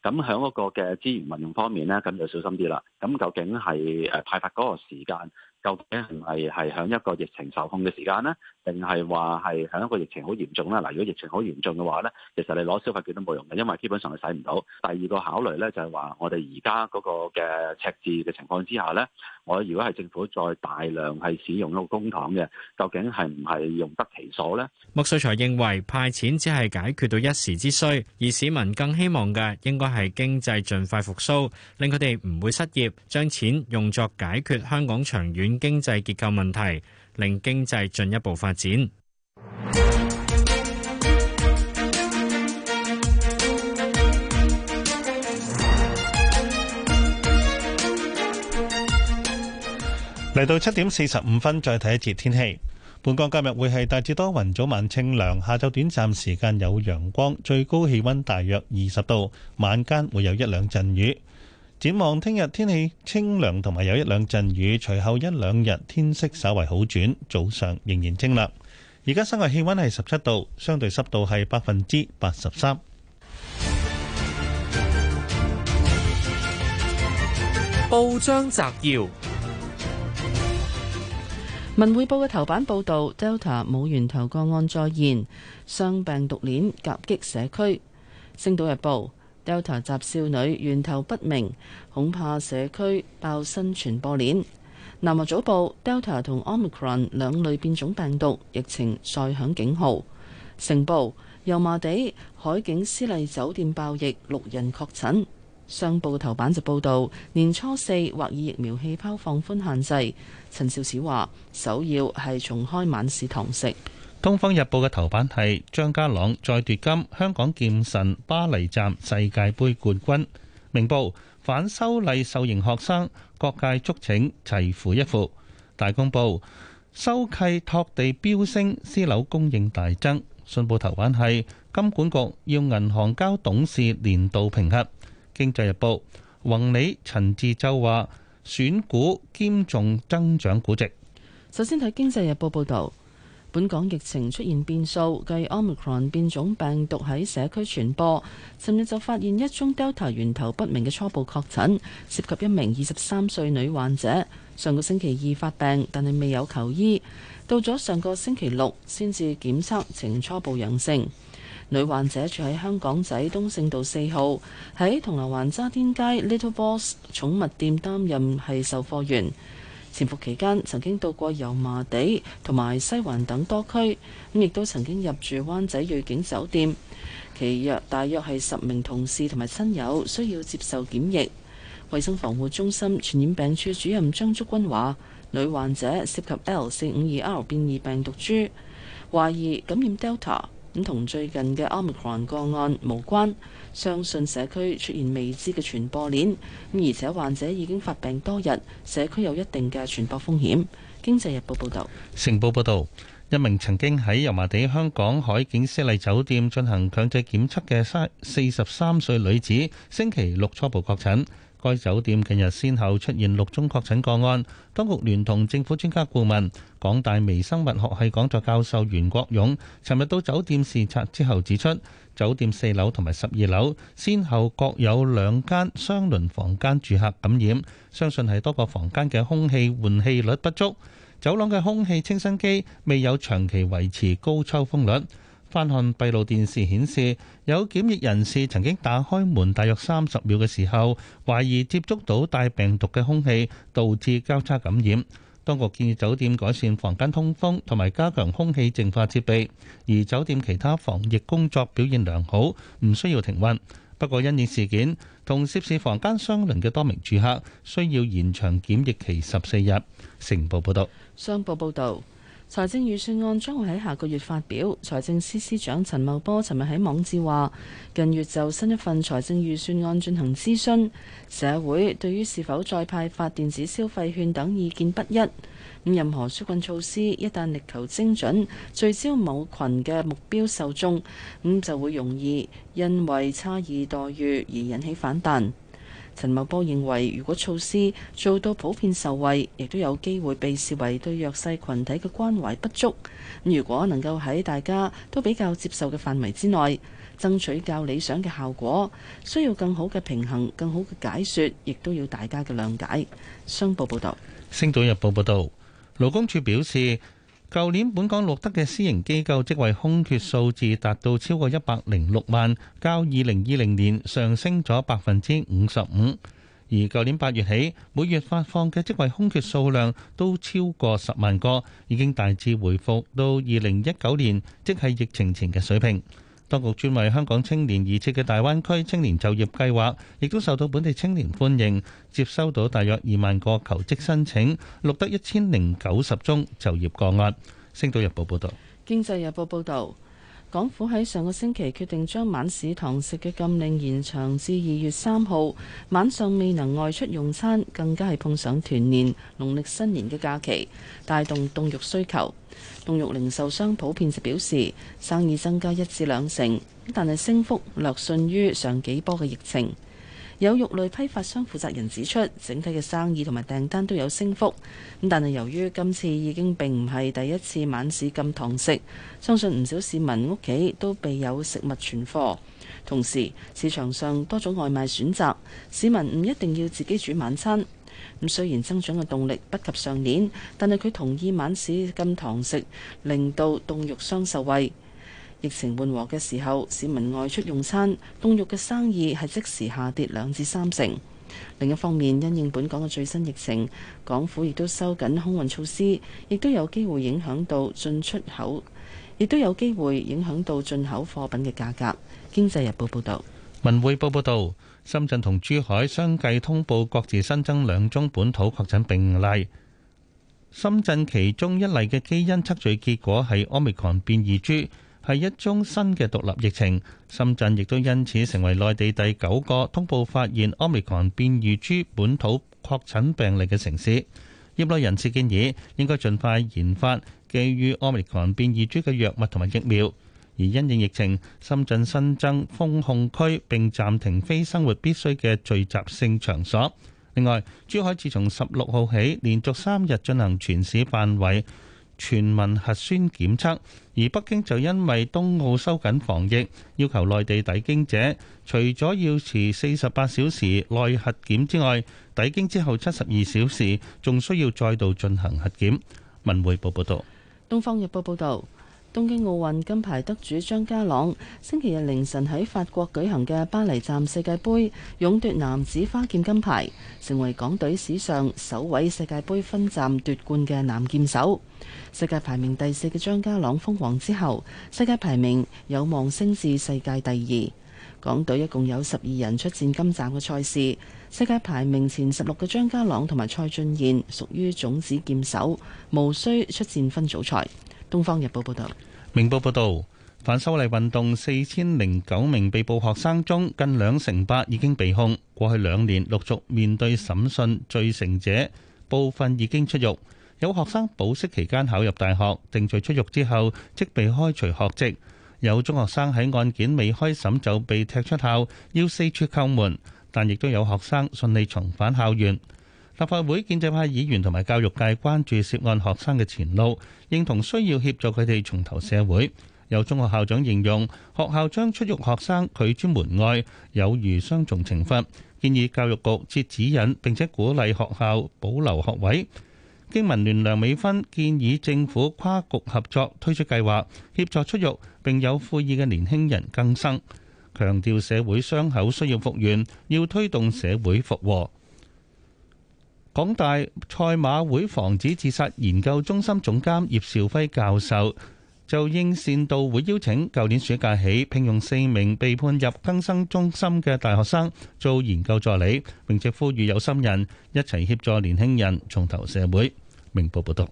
咁響嗰個嘅資源運用方面咧，咁就小心啲啦。咁究竟係誒派發嗰個時間？究竟係唔係係喺一個疫情受控嘅時間呢？定係話係喺一個疫情好嚴重呢？嗱，如果疫情好嚴重嘅話呢，其實你攞消費券都冇用嘅，因為基本上你使唔到。第二個考慮呢，就係話，我哋而家嗰個嘅赤字嘅情況之下呢，我如果係政府再大量係使用嗰個公帑嘅，究竟係唔係用得其所呢？莫瑞才認為派錢只係解決到一時之需，而市民更希望嘅應該係經濟盡快復甦，令佢哋唔會失業，將錢用作解決香港長遠經濟結構問題，令經濟進一步發展。嚟到七點四十五分，再睇一次天氣。本港今日會係大致多雲，早晚清涼，下晝短暫時間有陽光，最高氣溫大約二十度，晚間會有一兩陣雨。展望聽日天氣清涼，同埋有一兩陣雨。隨後一兩日天色稍為好轉，早上仍然清涼。而家室外氣温係十七度，相對濕度係百分之八十三。報章摘要，文匯報嘅頭版報道：Delta 冇源頭個案再現，雙病毒鏈夾擊社區。星島日報。Delta 集少女源頭不明，恐怕社區爆新傳播鏈。南華早報：Delta 同 Omicron 兩類變種病毒疫情再響警號。成報：油麻地海景絲麗酒店爆疫，六人確診。商報頭版就報導年初四或以疫苗氣泡放寬限制。陳肇始話首要係重開晚市堂食。《東方日報》嘅頭版係張家朗再奪金，香港劍神巴黎站世界杯冠軍。《明報》反修例受刑學生各界捉請齊扶一扶。《大公報》收契托地飆升，私樓供應大增。《信報》頭版係金管局要銀行交董事年度評核。《經濟日報》宏利陳志洲話選股兼重增長估值。首先睇《經濟日報》報道。本港疫情出現變數，繼 Omicron 變種病毒喺社區傳播，尋日就發現一宗 Delta 源頭不明嘅初步確診，涉及一名二十三歲女患者。上個星期二發病，但係未有求醫，到咗上個星期六先至檢測呈初步陽性。女患者住喺香港仔東勝道四號，喺銅鑼灣渣甸街 Little Boss 寵物店擔任係售貨員。潛伏期間曾經到過油麻地同埋西環等多區，咁亦都曾經入住灣仔瑞景酒店。其約大約係十名同事同埋親友需要接受檢疫。衛生防護中心傳染病處主任張竹君話：女患者涉及 L 四五二 R 變異病毒株，懷疑感染 Delta，咁同最近嘅 Omicron 個案無關。相信社區出現未知嘅傳播鏈，而且患者已經發病多日，社區有一定嘅傳播風險。經濟日報報道，成報報道，一名曾經喺油麻地香港海景絲麗酒店進行強制檢測嘅三四十三歲女子，星期六初步確診，該酒店近日先後出現六宗確診個案。當局聯同政府專家顧問、港大微生物學系講座教授袁國勇，尋日到酒店視察之後指出。酒店四樓同埋十二樓，先後各有兩間雙輪房間住客感染，相信係多個房間嘅空氣換氣率不足，走廊嘅空氣清新機未有長期維持高抽風率。翻看閉路電視顯示，有檢疫人士曾經打開門大約三十秒嘅時候，懷疑接觸到帶病毒嘅空氣，導致交叉感染。當局建議酒店改善房間通風同埋加強空氣淨化設備，而酒店其他防疫工作表現良好，唔需要停運。不過因應事件同涉事房間相鄰嘅多名住客需要延長檢疫期十四日。成報報道。商報報道。財政預算案將會喺下個月發表。財政司司長陳茂波尋日喺網誌話，近月就新一份財政預算案進行諮詢，社會對於是否再派發電子消費券等意見不一。任何紓困措施一旦力求精準，聚焦某群嘅目標受眾，咁就會容易因為差異待遇而引起反彈。陳茂波認為，如果措施做到普遍受惠，亦都有機會被視為對弱勢群體嘅關懷不足。如果能夠喺大家都比較接受嘅範圍之內，爭取較理想嘅效果，需要更好嘅平衡、更好嘅解說，亦都要大家嘅諒解。商報報道，《星島日報》報道，勞工處表示。舊年本港錄得嘅私營機構職位空缺數字達到超過一百零六萬，較二零二零年上升咗百分之五十五。而舊年八月起，每月發放嘅職位空缺數量都超過十萬個，已經大致回復到二零一九年即係疫情前嘅水平。當局專為香港青年而設嘅大灣區青年就業計劃，亦都受到本地青年歡迎，接收到大約二萬個求職申請，錄得一千零九十宗就業個案。星島日報報道：經濟日報報道，港府喺上個星期決定將晚市堂食嘅禁令延長至二月三號晚上，未能外出用餐，更加係碰上團年、農曆新年嘅假期，帶動凍肉需求。凍肉零售商普遍就表示生意增加一至兩成，但係升幅略遜於上幾波嘅疫情。有肉類批發商負責人指出，整體嘅生意同埋訂單都有升幅，但係由於今次已經並唔係第一次晚市禁堂食，相信唔少市民屋企都備有食物存貨，同時市場上多種外賣選擇，市民唔一定要自己煮晚餐。咁雖然增長嘅動力不及上年，但係佢同意晚市禁堂食，令到凍肉商受惠。疫情緩和嘅時候，市民外出用餐，凍肉嘅生意係即時下跌兩至三成。另一方面，因應本港嘅最新疫情，港府亦都收緊空運措施，亦都有機會影響到進出口，亦都有機會影響到進口貨品嘅價格。經濟日報報道。文匯報報導。深圳同珠海相繼通報各自新增兩宗本土確診病例。深圳其中一例嘅基因測序結果係奧密克戎變異株，係一宗新嘅獨立疫情。深圳亦都因此成為內地第九個通報發現奧密克戎變異株本土確診病例嘅城市。業內人士建議應該盡快研發基於奧密克戎變異株嘅藥物同埋疫苗。而因應疫情，深圳新增封控區並暫停非生活必需嘅聚集性場所。另外，珠海自從十六號起連續三日進行全市範圍全民核酸檢測。而北京就因為冬奧收緊防疫，要求內地抵京者除咗要持四十八小時內核檢之外，抵京之後七十二小時仲需要再度進行核檢。文匯報報導，東方日報報導。東京奧運金牌得主張家朗，星期日凌晨喺法國舉行嘅巴黎站世界杯，勇奪男子花劍金牌，成為港隊史上首位世界杯分站奪冠嘅男劍手。世界排名第四嘅張家朗封王之後，世界排名有望升至世界第二。港隊一共有十二人出戰今站嘅賽事，世界排名前十六嘅張家朗同埋蔡俊彥屬於種子劍手，無需出戰分組賽。東方日報報道，明報報道，反修例運動四千零九名被捕學生中，近兩成八已經被控。過去兩年陸續面對審訊，罪成者部分已經出獄，有學生保釋期間考入大學，定罪出獄之後即被開除學籍。有中學生喺案件未開審就被踢出校，要四處叩門，但亦都有學生順利重返校園。立法會建制派議員同埋教育界關注涉案學生嘅前路，認同需要協助佢哋重投社會。有中學校長形容學校將出獄學生拒諸門外，有如雙重懲罰，建議教育局設指引並且鼓勵學校保留學位。經民聯梁美芬建議政府跨局合作推出計劃，協助出獄並有悔意嘅年輕人更生，強調社會傷口需要復原，要推動社會復和。港大賽馬會防止自殺研究中心總監葉兆輝教授就應善導會邀請，舊年暑假起聘用四名被判入更生中心嘅大學生做研究助理，並且呼籲有心人一齊協助年輕人重投社會。明報報道，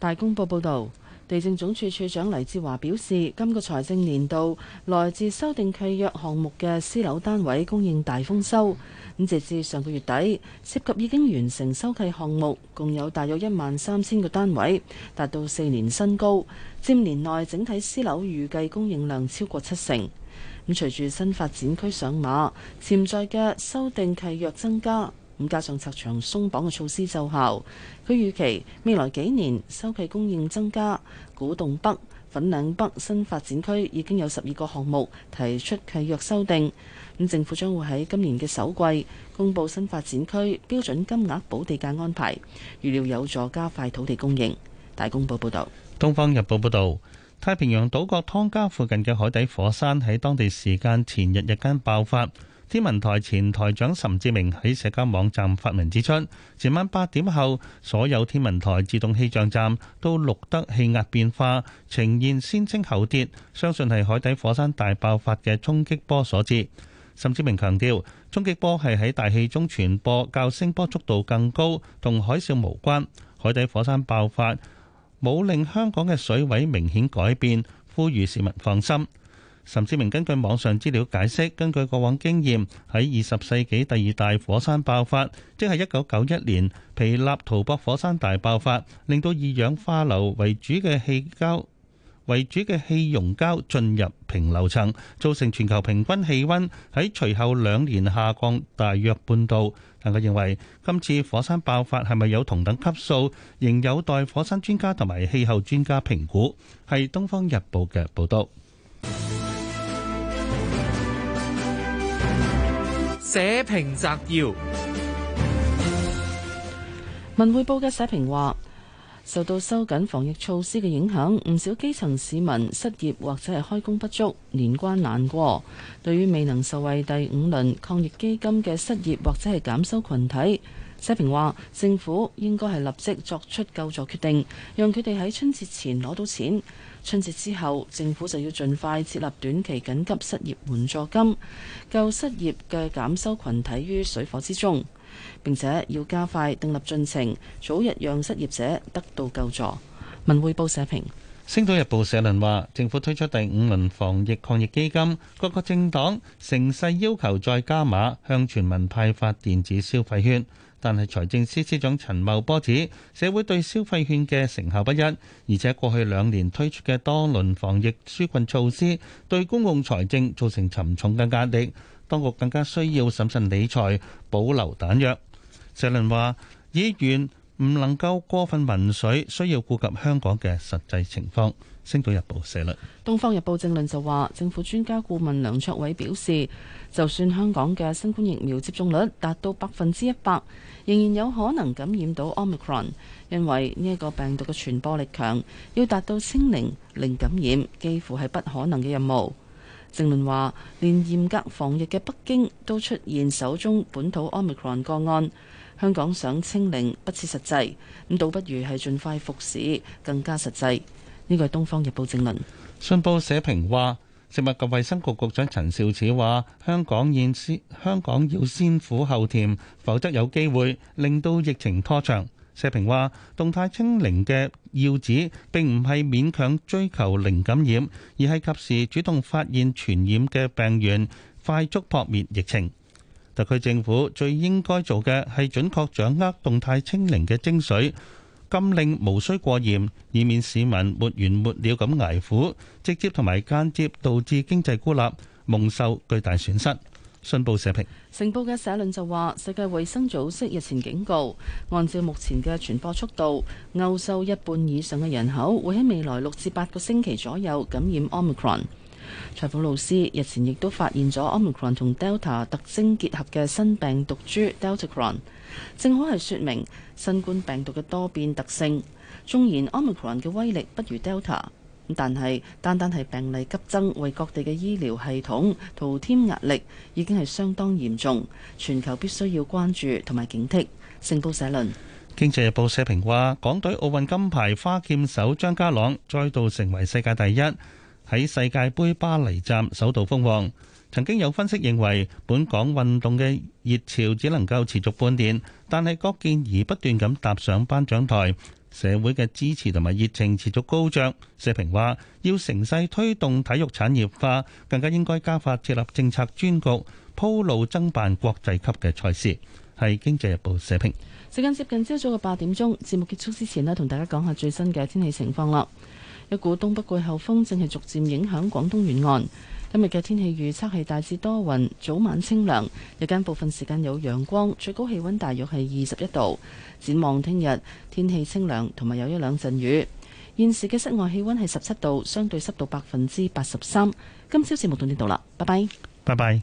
大公報報道。地政總署署長黎智華表示，今個財政年度來自修訂契約項目嘅私樓單位供應大豐收。咁截至上個月底，涉及已經完成收契項目，共有大約一萬三千個單位，達到四年新高，佔年內整體私樓預計供應量超過七成。咁隨住新發展區上馬，潛在嘅修訂契約增加。加上拆牆鬆綁嘅措施奏效，佢預期未來幾年收地供應增加。古洞北、粉嶺北新發展區已經有十二個項目提出契約修訂。咁政府將會喺今年嘅首季公布新發展區標準金額補地價安排，預料有助加快土地供應。大公報報道，《東方日報》報道，太平洋島國湯加附近嘅海底火山喺當地時間前日日間爆發。天文台前台長岑志明喺社交網站發文指出，前晚八點後，所有天文台自動氣象站都錄得氣壓變化，呈現先升後跌，相信係海底火山大爆發嘅衝擊波所致。岑志明強調，衝擊波係喺大氣中傳播，較聲波速度更高，同海嘯無關。海底火山爆發冇令香港嘅水位明顯改變，呼籲市民放心。岑志明根據網上資料解釋，根據過往經驗，喺二十世紀第二大火山爆發，即係一九九一年皮納圖博火山大爆發，令到二氧化硫為主嘅氣膠為主嘅氣溶膠進入平流層，造成全球平均氣溫喺隨後兩年下降大約半度。但佢認為今次火山爆發係咪有同等級數，仍有待火山專家同埋氣候專家評估。係《東方日報》嘅報導。社評摘要：文匯報嘅社評話，受到收緊防疫措施嘅影響，唔少基層市民失業或者係開工不足，年關難過。對於未能受惠第五輪抗疫基金嘅失業或者係減收群體，社評話政府應該係立即作出救助決定，讓佢哋喺春節前攞到錢。春節之後，政府就要盡快設立短期緊急失業援助金，救失業嘅減收群體於水火之中。並且要加快訂立進程，早日讓失業者得到救助。文匯報社評。《星島日報》社論話：政府推出第五輪防疫抗疫基金，各個政黨成勢要求再加碼，向全民派發電子消費券。但係財政司司長陳茂波指，社會對消費券嘅成效不一，而且過去兩年推出嘅多輪防疫紓困措施，對公共財政造成沉重嘅壓力，當局更加需要審慎理財，保留彈藥。社論話：議員唔能夠過分民粹，需要顧及香港嘅實際情況。《星島日報》社論，《東方日報》政論就話，政府專家顧問梁卓偉表示，就算香港嘅新冠疫苗接種率達到百分之一百，仍然有可能感染到 omicron。因為呢一個病毒嘅傳播力強，要達到清零零感染，幾乎係不可能嘅任務。政論話，連嚴格防疫嘅北京都出現首宗本土 omicron 個案，香港想清零不切實際，咁倒不如係盡快复市，更加實際。呢個係《東方日報》正論。信報社評話，食物及衛生局局長陳肇始話：香港現先，香港要先苦後甜，否則有機會令到疫情拖長。社評話，動態清零嘅要旨並唔係勉強追求零感染，而係及時主動發現傳染嘅病源，快速撲滅疫情。特區政府最應該做嘅係準確掌握動態清零嘅精髓。禁令無需過嚴，以免市民沒完沒了咁挨苦，直接同埋間接導致經濟孤立，蒙受巨大損失。信報社評，成報嘅社論就話：世界衛生組織日前警告，按照目前嘅傳播速度，歐洲一半以上嘅人口會喺未來六至八個星期左右感染 Omicron。財富老師日前亦都發現咗 Omicron 同 Delta 特徵結合嘅新病毒株 Delta Cron。正好係，説明新冠病毒嘅多變特性。縱然 Omicron 嘅威力不如 Delta，但係單單係病例急增，為各地嘅醫療系統徒添壓力，已經係相當嚴重。全球必須要關注同埋警惕。成報社論，《經濟日報》社評話：港隊奧運金牌花劍手張家朗再度成為世界第一，喺世界盃巴黎站首度封王。曾經有分析認為，本港運動嘅熱潮只能夠持續半年，但係港健兒不斷咁踏上頒獎台，社會嘅支持同埋熱情持續高漲。社評話，要乘勢推動體育產業化，更加應該加快設立政策專局，鋪路爭辦國際級嘅賽事。係《經濟日報》社評。時間接近朝早嘅八點鐘，節目結束之前呢，同大家講下最新嘅天氣情況啦。一股東北季候風正係逐漸影響廣東沿岸。今日嘅天氣預測係大致多雲，早晚清涼，日間部分時間有陽光，最高氣溫大約係二十一度。展望聽日，天氣清涼，同埋有一兩陣雨。現時嘅室外氣溫係十七度，相對濕度百分之八十三。今朝節目到呢度啦，拜拜，拜拜。